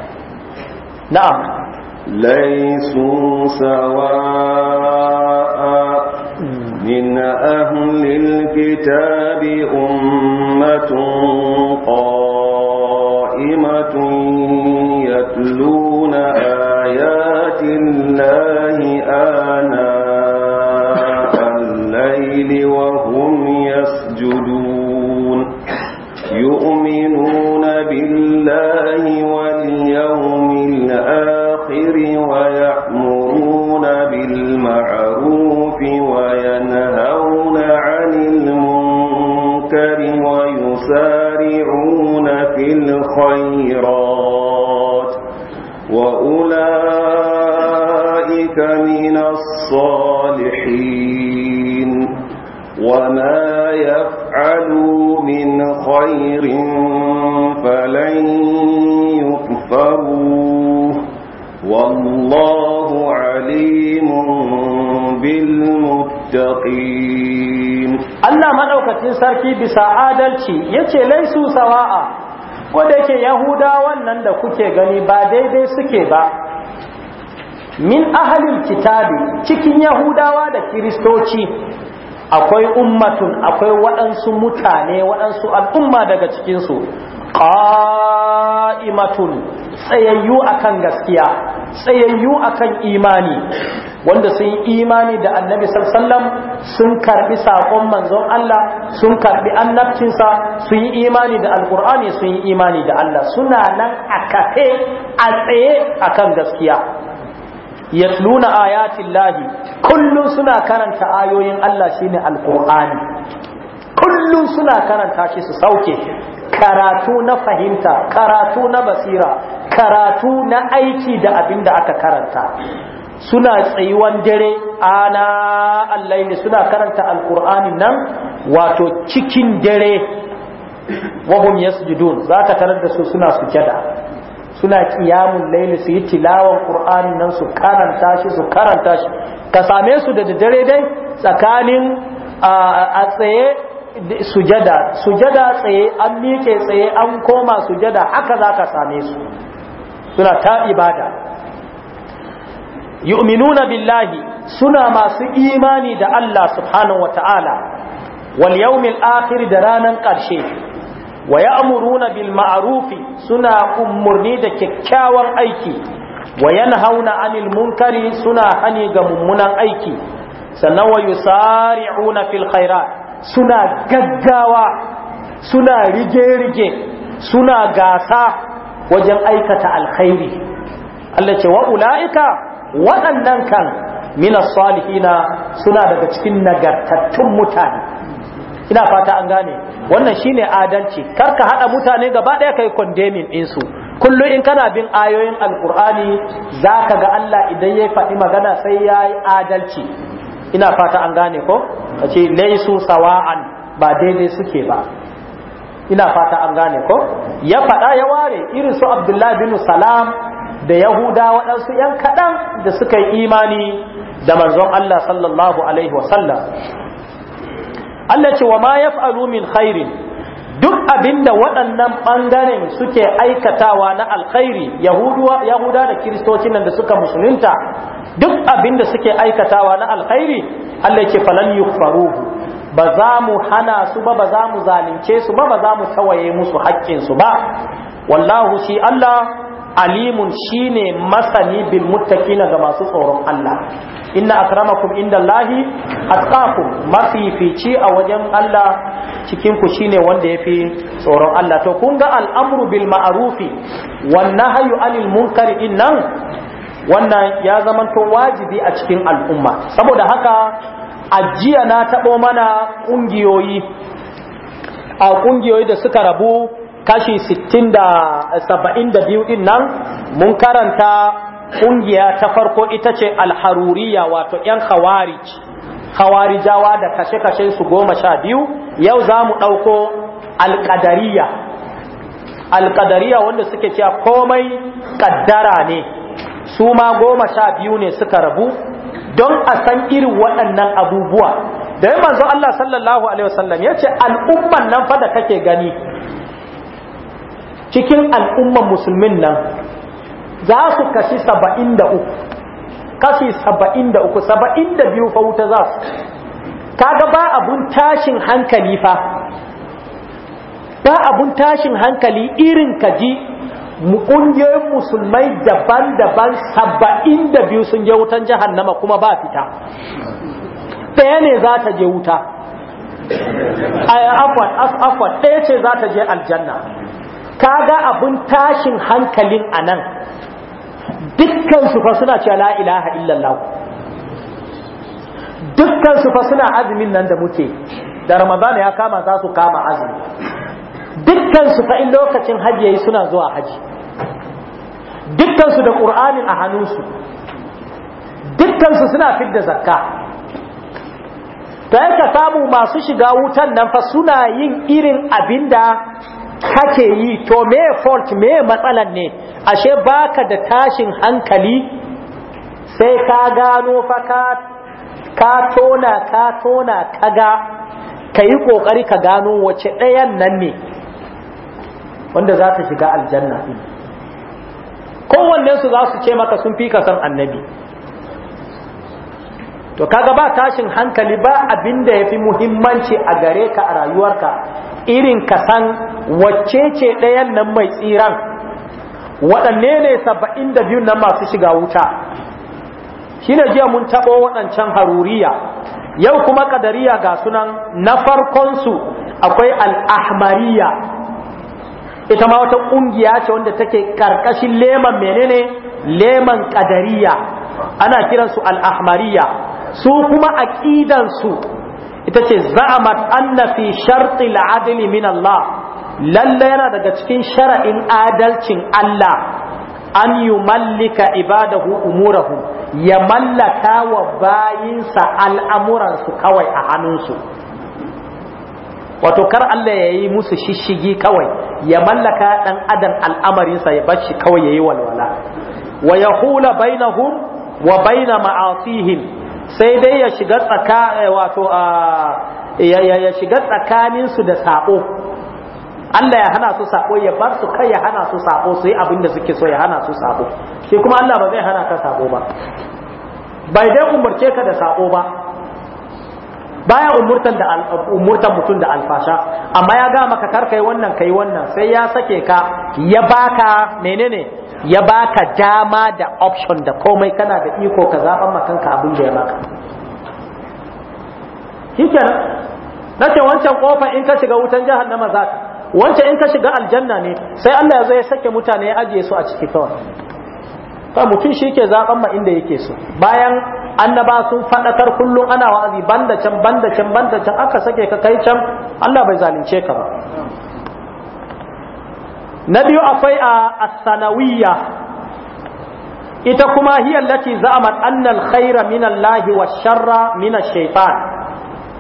Speaker 1: na'am
Speaker 3: laysu sawa'a min أهل الكتاب ummatun qa'imatun yatluna آيات الله بالله واليوم الآخر ويأمرون بالمعروف وينهون عن المنكر ويسارعون في الخيرات وأولئك من الصالحين وما يفعلوا من خير فلن يكفروه Wallahu alimu بالمتقين
Speaker 1: Allah madaukakin sarki bisa adalci yace laisu sawa'a ko da yake Yahuda nan da kuke gani ba daidai suke ba min ahalin kitabi cikin yahudawa da kiristoci akwai ummatun akwai waɗansu mutane waɗansu al'umma daga cikinsu qa'imatun tsayayyu akan gaskiya tsayayyu akan imani wanda sun imani da annabi sallallahu sun karbi sakon manzon Allah sun karbi annabcinsa sun yi imani da alkur'ani sun yi imani da Allah suna nan a kafe a tsaye akan gaskiya yatluna ayatin lahi kullum suna karanta ayoyin Allah shine alkur'ani kullum suna karanta shi su sauke karatu na fahimta karatu na basira karatu na aiki da abin da aka karanta suna tsayuwan dare ana allaili suna karanta Alƙur'ani nan wato cikin dare wahum yasjudun zaka tarar da su suna su sujada suna kiyamun laili su yi tilawan ƙur'ani nan su karanta shi su karanta shi ka same su da dare dai tsakanin a tsaye sujada sujada tsaye an miƙe tsaye an koma sujada haka za ka same su suna ta ibada yu'minuna billahi suna masu imani da Allah subhanahu wata'ala wal yawmil akhir da ranan ƙarshe wa ya'muruna bil ma'rufi suna umurni da kyakkyawan aiki wa yanhauna 'anil munkari suna hani ga mummunan aiki sannan wa yusari'una fil khairat suna gaggawa suna rige-rige suna gasa wajen aikata alkhairi Allah ce wa ula'ika waɗannan kan minas salihina suna daga cikin nagartattun mutane ina fata an gane wannan shine adalci karka hada mutane gaba daya kai condemning din su kullu in kana bin ayoyin alkur'ani zaka ga Allah idan yayi faɗi magana sai yayi adalci ina fata an gane ko a ce laisu sawa'an ba daidai suke ba ina fata an gane ko ya faɗa ya ware irin su abdullahi bin salam da yahuda waɗansu ‘yan kaɗan da suka yi imani da manzon Allah sallallahu alaihi wasallam Allah ce wa ma ya min khairin duk abinda waɗannan ɓangaren suke aikatawa na alkhairi yahuda da kiristocin nan da suka musulunta duk abinda suke aikatawa na alkhairi Allah ke falan yukfaru ba za mu hana su ba ba za mu zalunce su ba ba za mu tawaye musu haƙƙinsu ba wallahu shi Allah alimun shine masani bil muttaqina ga masu tsoron Allah inna akramakum indallahi atqakum mafifici a wajen Allah cikin ku shine wanda yafi tsoron Allah to kun ga al'amru bil ma'rufi wan nahyu anil munkari innan wannan ya zamanto wajibi a cikin al'umma saboda haka ajiya na tabo mana kungiyoyi a kungiyoyi da suka rabu kashi 72 din nan mun karanta ƙungiya ta farko ita ce alharuriya wato 'yan khawarij Hawarijawa da kashe-kashen su goma sha biyu yau za mu ɗauko alƙadariya alƙadariya wanda suke cewa komai ƙaddara ne su ma goma sha biyu ne suka rabu don a san irin waɗannan abubuwa da yi manzo Allah sallallahu Alaihi wasallam ya ce al'umman nan fa da kake gani cikin al'umman musulmin nan za su kashi saba'in da uku kashi saba'in da uku saba'in da biyu fa wuta za su kaga ba abun tashin hankali fa ba abun tashin hankali irin kaji ƙungiyoyin musulmai daban-daban saba'in da biyu sun je wutan jahannama kuma ba fita ɗaya ne za ta je wuta afon afon ɗaya ce za ta je aljanna kaga abun tashin hankalin anan dukkan su fa suna cewa la ilaha illallah dukkansu fa suna azumin nan da muke da ramadan ya kama za su kama azumi dukkansu fa in lokacin haji yayi suna zuwa haji dukkansu da qur'anin a hannunsu dukkansu suna fidda zakka ta ka samu masu shiga wutan nan fa suna yin irin abinda kake yi to me fault me matsalan ne ashe baka da tashin hankali sai ka gano fa ka ka tona ka tona kaga ka yi kokari ka gano wace ɗayan nan ne wanda za ta shiga aljanna kowannen su za su ce maka sun fi ka san annabi to kaga ba tashin hankali ba abinda da yafi muhimmanci a gare ka a rayuwarka irin ka san wacce ce ɗayan nan mai tsiran waɗanne ne saba'in da biyun nan masu shiga wuta Shi ne jiya mun taɓo waɗancan haruriya yau kuma ƙadariya ga sunan na farkon su akwai al'ahmariya ita ma wata ƙungiya ce wanda take ƙarƙashin leman menene leman ƙadariya. ana kiransu al'ahmariya su kuma aqidansu ita ce za'amat anna fi shartil adli min Allah lalle yana daga cikin shara'in adalcin Allah an yumallika ibadahu umurahu ya mallaka wa bayinsa al'amuransu kawai a hannunsu wato kar Allah ya yi musu shishigi kawai ya mallaka ɗan adam al'amarinsa ya bashi kawai ya yi walwala wa ya hula bainahum wa baina ma'asihim sai dai ya shiga tsaka eh, wato ya shiga tsakanin su da sako Allah ya hana su sako ya bar su kai ya hana su sako su yi abin da suke so ya hana su sako shi kuma Allah ba zai hana ka sako ba bai dai umarce ka da sako ba baya umurtan da umurtan mutum da alfasha amma ya ga maka kar wannan kai wannan sai ya sake ka ya baka menene ya baka dama da option da komai kana da iko ka zaɓan kanka abin da ya maka shikenan na ce wancan kofa in ka shiga wutan jahannama za ka wancan in ka shiga aljanna ne sai Allah ya zo ya sake mutane ya ajiye su a ciki kawai ka mutum shi ke ma inda yake so bayan annaba sun faɗakar kullum ana wa'azi banda can banda can banda can aka sake ka kai can Allah bai zalunce ka ba na biyu akwai a Asanawiyya ita kuma hiyar lati za'amat annal khaira minan lahi wa sharra minan shaitan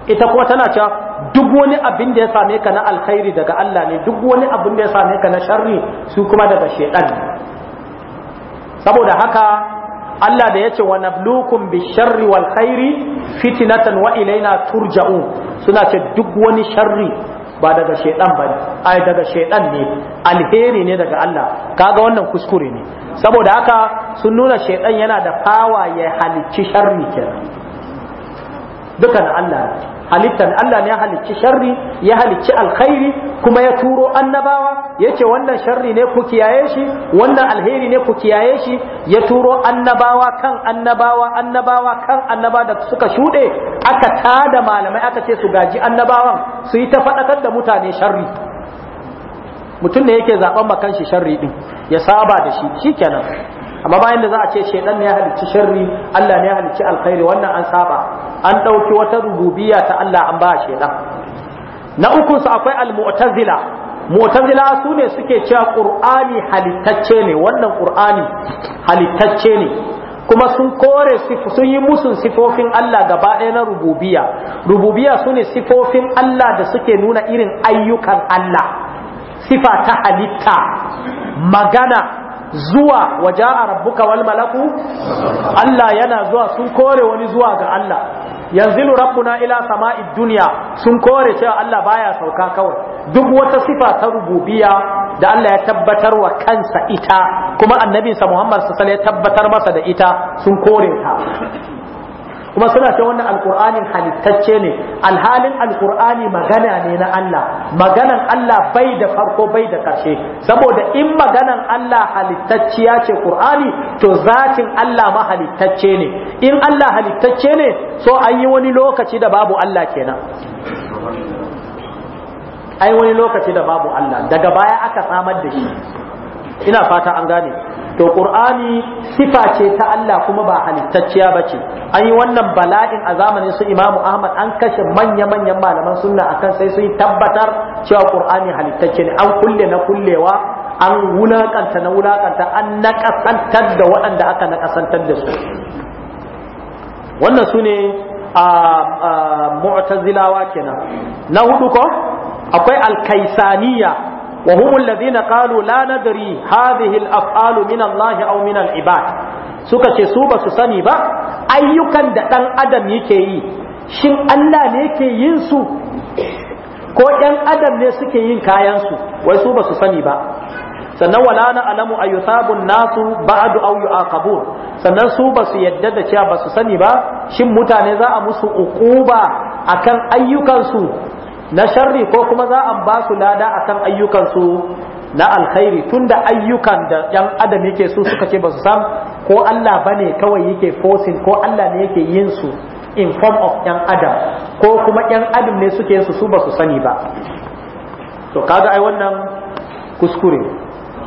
Speaker 1: ita kuma tana cewa duk wani abin da ya same ka na alkhairi daga Allah ne duk wani abin da ya same ka na sharri su kuma daga shaitan saboda haka Allah da ya ce wa nablukum bi sharri wal khairi fitnatan wa ilaina turja'un suna ce duk wani sharri ba daga shaidan ba ai daga shaidan ne alheri ne daga Allah kaga wannan kuskure ne saboda haka sun nuna shaidan yana da fawa ya halicci sharri kenan dukan Allah ne halittan Allah ne ya halicci sharri ya halicci alkhairi kuma ya turo annabawa yace wannan sharri ne ku kiyaye shi wannan alheri ne ku kiyaye shi ya turo annabawa kan annabawa annabawa kan annaba da suka shude aka tada malamai aka ce su gaji annabawan su yi ta faɗakar da mutane sharri mutum ne yake zaben makan shi sharri din ya saba da shi shikenan amma bayan da za a ce shaidan ne ya halicci sharri Allah ne ya halicci alkhairi wannan an saba an ɗauki wata rububiya ta Allah an ba shaidan. na uku su akwai al-mu'tazila sune su ne suke cewa qur'ani halittacce ne wannan qur'ani halittacce ne kuma sun kore sun yi musun sifofin Allah gaba ɗaya na rububiya rububiya sune sifofin Allah da suke nuna irin ayyukan Allah sifa ta halitta magana zuwa waje a rabbuka wal malaku Allah yana zuwa sun kore wani zuwa ga Allah yanzu rabbuna ila sama'id duniya sun kore cewa Allah baya sauka kawai duk wata sifa ta rububiyya da Allah ya tabbatar wa kansa ita kuma annabinsa Muhammad sallallahu alaihi wasallam ya tabbatar masa da ita sun kore ta kuma suna ce wannan alkur'ani halittacce ne alhalin alkur'ani magana ne na Allah maganan Allah bai da farko bai da ƙarshe saboda in maganan Allah halittacciya ce qur'ani to zatin Allah ma halittacce ne in Allah halittacce ne so an yi wani lokaci da babu Allah kenan ai wani lokaci da babu Allah daga baya aka samar da shi ina fata an gane to qur'ani sifa ce ta Allah kuma ba halittacciya bace an yi wannan bala'in a zamanin su Imam ahmad an kashe manya manyan malaman sunna akan sai sun tabbatar cewa qur'ani halittacce ne an kulle na kullewa an wulakanta na wulakanta an nakasantar da waɗanda aka nakasantar da su wannan su ne a mu'tazilawa kenan na hudu ko akwai alkaisaniya وهم الذين قالوا لا ندري هذه الأفعال من الله أو من العباد suka ce su ba su sani ba ayyukan da ɗan adam yake yi shin Allah ne yake yin su ko ɗan adam ne suke yin kayansu wai su ba su sani ba sannan wala na alamu a yusabun nasu ba'adu au yu'aqabun sannan su ba su yadda da cewa ba su sani ba shin mutane za a musu uquba akan ayyukansu na sharri ko kuma za a ba su lada a kan ayyukansu na alkhairi tunda ayyukan da yan adam yake su suka ce ba su sam ko Allah bane kawai yake forcing ko Allah ne yake yin su in form of yan adam ko kuma yan adam ne suke yin su su ba su sani ba to kaga ai wannan kuskure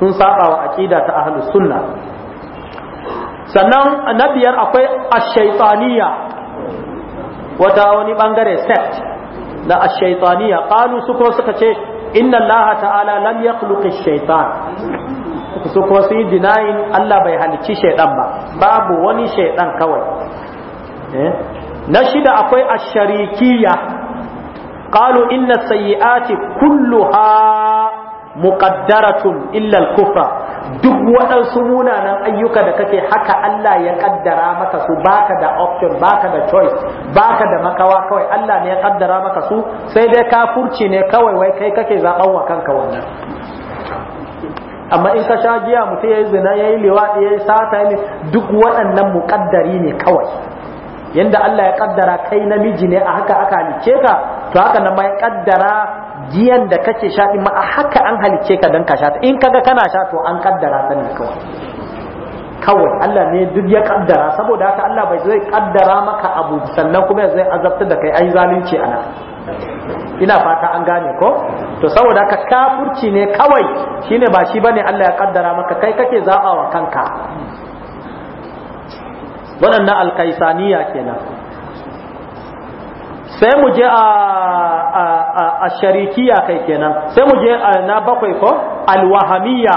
Speaker 1: sun saba wa aqida ta ahlus sunna sannan na biyar akwai ash-shaytaniyya wata wani bangare sect na ash-shaytaniya qalu su kuma suka ce inna Allah ta'ala lam yakhluq ash-shaytan su kuma su yi denying Allah bai halicci shaydan ba babu wani shaydan kawai eh? na shida akwai ash-sharikiyya qalu inna sayyi'ati kulluha muqaddaratun illa al-kufra duk waɗansu munanan ayyuka da kake haka Allah ya kaddara maka su baka da option baka da choice baka da makawa kawai Allah ne ya kaddara maka su sai dai ka furci ne kawai wai kai kake zaɓan wa kanka wannan amma in ka sha giya mutum ya yi zina ya yi liwaɗi ya yi sata ne duk waɗannan muƙaddari ne kawai yanda Allah ya kaddara kai namiji ne a haka aka halice ka to haka nan ma ya kaddara Jiyan da kake sha ma a haka an halice ka dan ka sha in kaga kana sha to an kaddara ta ne kawai kawai Allah ne duk ya kaddara saboda haka Allah bai zai kaddara maka abu sannan kuma zai azabta da kai ai zalunci ana ina fata an gane ko to saboda haka kafurci ne kawai shine ba shi bane Allah ya kaddara maka kai kake zaba wa kanka waɗannan alkaisaniya kenan sai mu je a sharikiya kai kenan sai mu je na bakwai ko alwahamiyya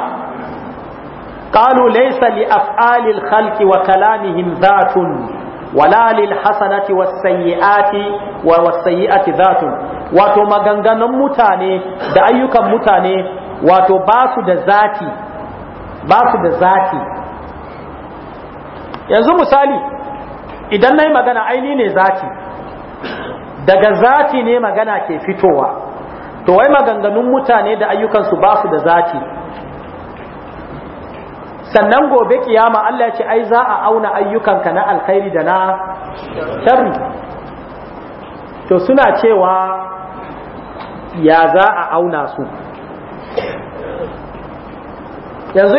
Speaker 1: qalu laysa li af'ali al-khalqi wa kalamihim zatun wala lil hasanati was sayyiati wa was sayyiati dhatun wato maganganun mutane da ayyukan mutane wato ba su da zati ba su da zati yanzu misali idan nayi magana ni ne zati daga zati ne magana ke fitowa to wai maganganun mutane da ayyukansu ba su da zati sannan gobe kiyama Allah ce ai za a auna ayyukanka na alkhairi da na sharri to suna cewa ya za a auna su yanzu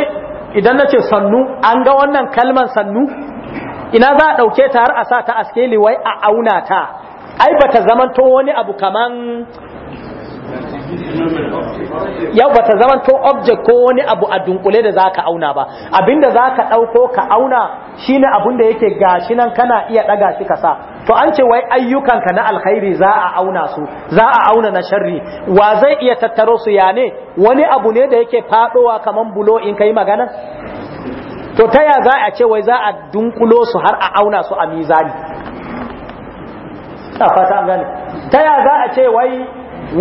Speaker 1: idan nace sannu an ga wannan kalman sannu ina za a ɗauke ta har a sa ta askeli wai a auna ta ai bata zamanto wani abu kaman yau bata zamanto object ko wani abu a dunkule da zaka auna ba abinda zaka dauko ka auna shine abinda yake gashi nan kana iya daga shi ka sa to an ce wai ayyukanka na alkhairi za a auna su za a auna na sharri wa zai iya tattaro su ya wani abu ne da yake fadowa kaman bulo in kai magana to ta ya za a ce wai za a dunkulo su har a auna su a mizani ta ya za a ce wai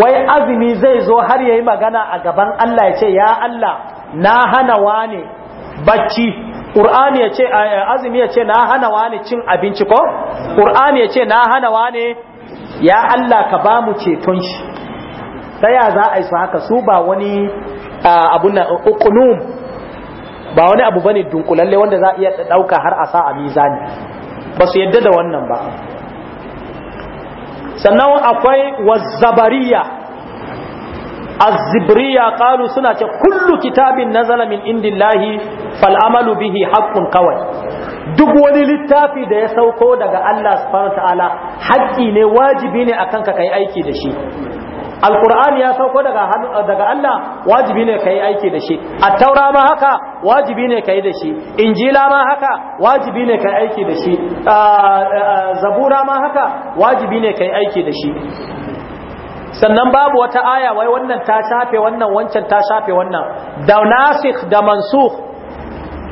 Speaker 1: wai azumi zai zo har yayi magana a gaban Allah ya ce ya Allah na hana wane bacci Qur'ani ya ce azumi ya ce na hana wane cin abinci ko Qur'ani ya ce na hana wane ya Allah ka ba mu ceton shi ta ya za a yi su haka su ba wani abu na ba wani abu bane dunkulalle wanda za a iya ɗauka har a sa a mizani ba su yadda da wannan ba sannan akwai wazzabariya azzibriya kalu suna ce kullu kitabin nazala min indillahi fal'amalu bihi haƙƙun kawai duk wani littafi da ya sauko daga Allah subhanahu wataala haƙƙi ne wajibi ne akan ka kai aiki da shi alkur'ani ya sauko daga daga Allah wajibi ne kai aiki da shi attaura ma haka wajibi ne kai da shi injila ma haka wajibi ne kai aiki da shi ah, ah, zabura ma haka wajibi ne kai aiki da shi sannan babu wata aya wai wannan ta shafe wannan wancan ta shafe wannan da nasikh da mansukh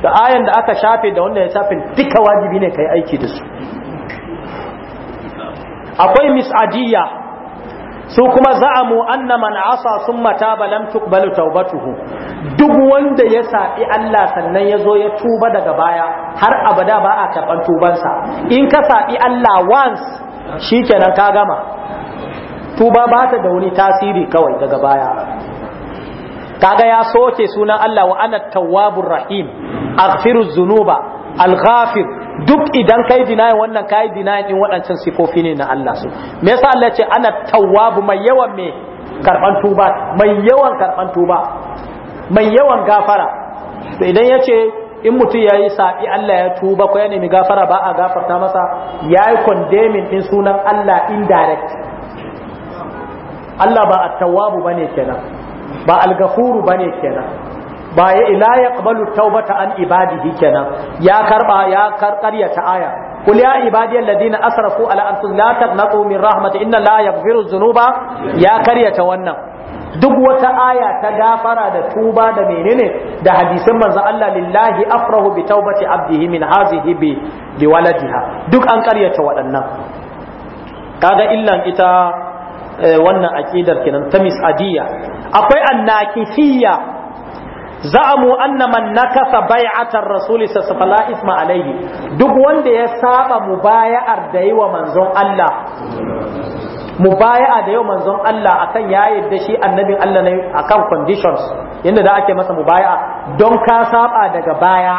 Speaker 1: da ayan da aka shafe da wannan ya shafe duka wajibi ne kai aiki da su akwai misadiyya su kuma za'amu anna man asa summa taba lam tuqbalu tawbatuhu duk wanda ya saɓi Allah sannan ya zo ya tuba daga baya har abada ba a karɓar tubansa in ka saɓi Allah once shikenan ka gama tuba ba ta da wani tasiri kawai daga baya kaga ya soke sunan Allah wa ana tawwabur rahim aghfiruz zunuba al-ghafir duk idan kai dinayin wannan kai dinayin din waɗancan sifofi ne na Allah su me yasa Allah ce ana tawwabu mai yawan me karban tuba mai yawan karban tuba mai yawan gafara to idan yace in mutum ya yi saɓi Allah ya tuba ko ya nemi gafara ba a gafarta masa ya yi condemning din sunan Allah indirect Allah ba a tawwabu ba kenan ba algafuru ba ne kenan ba ya ila yaqbalu ta'ubata an ibadihi kenan ya karba ya karkaryata aya قل يا عبادي الذين اسرفوا على انفسهم لا تقنطوا من رحمه ان الله يغفر الذنوب ya karyata wannan duk wata aya ta gafara da tuba da menene da hadisin manzo Allah lillahi afrahu bi taubati abdihi min hazihi bi bi duk an karyata waɗannan kaga illan ita eh, wannan aqidar kenan ta misadiya akwai annakifiyya za'amu anna man nakasa bai'atar rasuli sallallahu isma alaihi duk wanda ya saba mubaya'ar da yi wa manzon Allah mubaya'a da yau manzon Allah akan ya yadda shi annabin Allah ne akan conditions yadda da ake masa mubaya'a don ka saba daga baya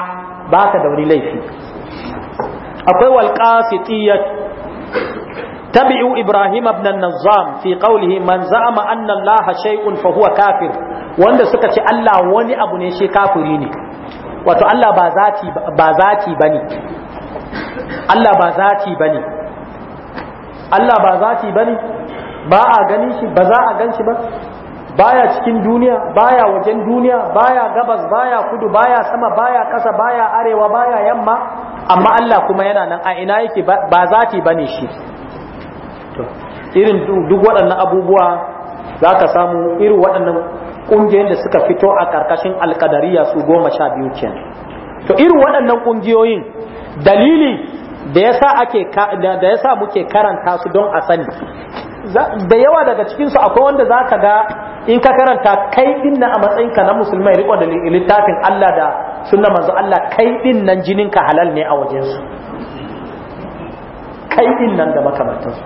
Speaker 1: baka da wani laifi akwai wal qasitiyya tabi'u ibrahim ibn an-nazzam fi qawlihi man za'ama anna Allah shay'un fa huwa kafir wanda suka ce Allah wani abu ne shi kafiri ne wato Allah ba zati ba zati bane Allah ba zati bane Allah ba zati bane ba a ganin shi ba za a gan shi ba baya cikin duniya baya wajen duniya baya gabas baya kudu baya sama baya kasa baya arewa baya yamma amma Allah kuma yana nan a ina yake ba zati bane shi irin duk waɗannan abubuwa za samu irin waɗannan kungiyoyin da suka fito a karkashin alƙadariya su goma sha biyu kenan to irin waɗannan ƙungiyoyin dalili da yasa ake da sa muke karanta su don a sani da yawa daga cikinsu akwai wanda za ka ga in ka karanta kai din nan a matsayinka na musulmai riko da littafin Allah da sunna manzo Allah kai din nan jininka halal ne a wajen su kai din nan da makamantansu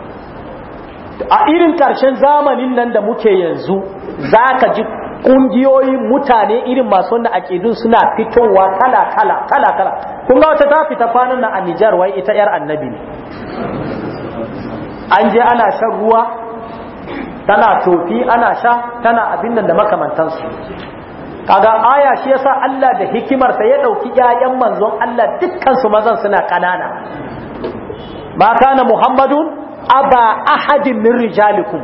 Speaker 1: a irin karshen zamanin nan da muke yanzu zaka ji kungiyoyi mutane irin masu wanda suna fitowa kala kala kala kala kun ga wata ta fita kwanan nan a Nijar wai ita yar annabi ne an je ana shan ruwa tana tofi ana sha tana abin nan da makamantansu kaga aya shi yasa Allah da hikimar sa ya dauki 'ya'yan manzon Allah dukkan su mazan suna kanana Mata kana muhammadun aba ahadin min rijalikum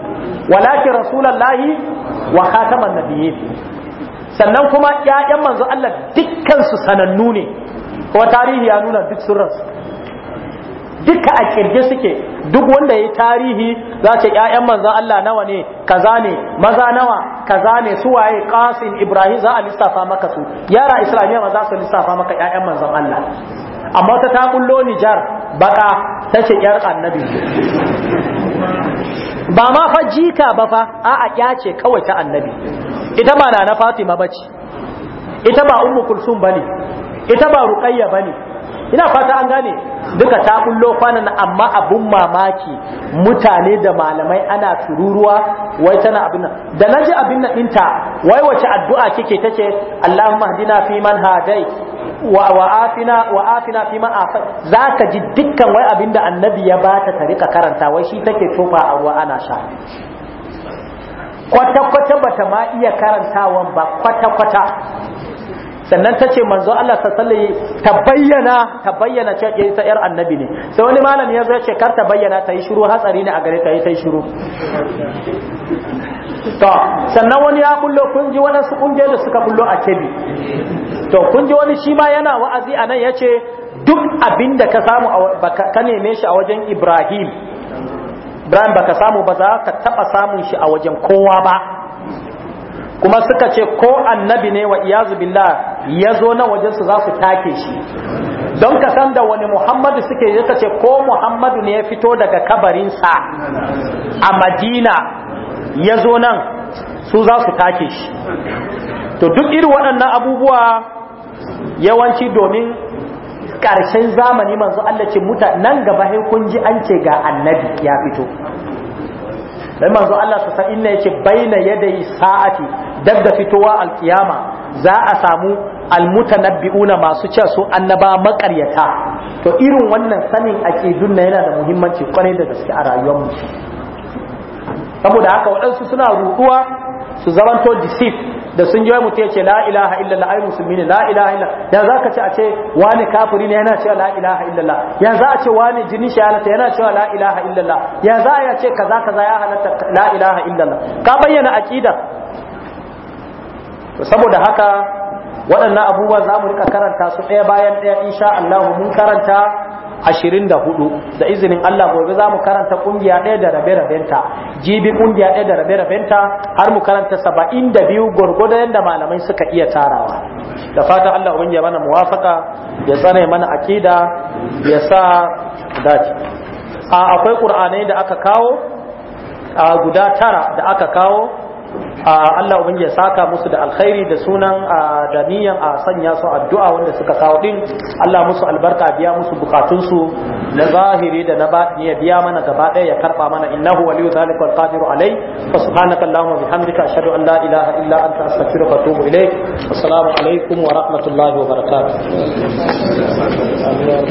Speaker 1: walakin rasulullahi wa khataman nabiyyi sannan kuma ƴaƴan manzo Allah dukkan su sanannu ne kuma tarihi ya nuna duk sun rasu duka a kirge suke duk wanda yayi tarihi za ce ƴaƴan manzo Allah nawa ne kaza ne maza nawa kaza ne su waye Qasim Ibrahim za a lissafa maka su yara Islamiyya ma za su lissafa maka ƴaƴan manzo Allah amma ta ta kullo Nijar baka tace ƴar annabi ba ma fa jika ba fa a'a ya ce kawai ta annabi ita ba na na fatima bace ita ba ummu kulsum bane ita ba ruqayya bane ina fata an gane duka ta kullo kwanan amma abun mamaki mutane da malamai ana tururuwa wai tana abin nan da naji abin nan ɗinta wai wace addu'a kike tace Allahumma hdina fi man hadai wa'afina wa'afina fi ma'afa za ka ji dukkan wai abinda annabi ya ba ta tarika karanta wai shi take tofa a ruwa ana sha kwata-kwata ba ta ma iya karantawan ba kwata-kwata sannan ta ce manzo Allah ta ta bayyana ta bayyana ce ya eh, ta yar annabi ne sai wani malam ya zai ce kar ta bayyana ta yi shiru hatsari ne a gare ta yi ta yi shiru sannan wani ya kullo kun ji waɗansu ƙungiyar da suka kullo a kebi to kun ji wani shi ma yana wa'azi a nan ya ce duk abin da ka samu ka neme shi a wajen ibrahim ibrahim baka samu ba za ka taɓa samun shi a wajen kowa ba kuma suka ce ko annabi ne wa iyazu billah ya zo na wajensu za su take shi don ka san da wani muhammadu suke yi ce ko muhammadu ne ya fito daga kabarinsa a madina ya zo nan su za su take shi to duk irin waɗannan abubuwa yawanci domin ƙarshen zamani manzo Allah ce muta nan gaba sai kun ji an ce ga annabi ya fito dan manzo Allah sa inna yake baina yadai sa'ati dab da fitowa alkiyama za a samu almutanabbi'una masu cewa su annaba makaryata to irin wannan sanin aqidun na yana da muhimmanci kwarai da gaske a rayuwar mu saboda haka waɗansu suna ruɗuwa su zamanto deceive da sun jiwa mutum ya ce la ilaha illallah ai musulmi ne la ilaha illallah ya za ka ce a ce wani kafiri ne yana cewa la ilaha illallah ya za a ce wani jini shi halatta yana cewa la ilaha illallah ya za a ce kaza kaza ya halatta la ilaha illallah ka bayyana aqida saboda haka waɗannan abubuwan za mu rika karanta su ɗaya bayan ɗaya insha Allah mun karanta ashirin da hudu da izinin Allah gobe za mu karanta kungiya ɗaya da rabe-rabenta jibi kungiya ɗaya da rabe-rabenta har mu karanta saba'in da biyu gwargwado yadda malamai suka iya tarawa da fatan Allah ya mana muwafaka ya tsare mana akida ya sa dace a akwai ƙur'anai da aka kawo a guda tara da aka kawo Allah ubangiji ya saka musu da alkhairi da sunan da niyan a sanya su addu'a wanda suka kawo din Allah musu albarka biya musu bukatunsu na zahiri da na batini ya biya mana gaba daya ya karba mana innahu waliyu zalikal wal qadiru alai wa subhanaka allahumma bihamdika ashhadu an la
Speaker 2: ilaha illa anta astaghfiruka wa atubu ilaik assalamu alaikum wa rahmatullahi wa barakatuh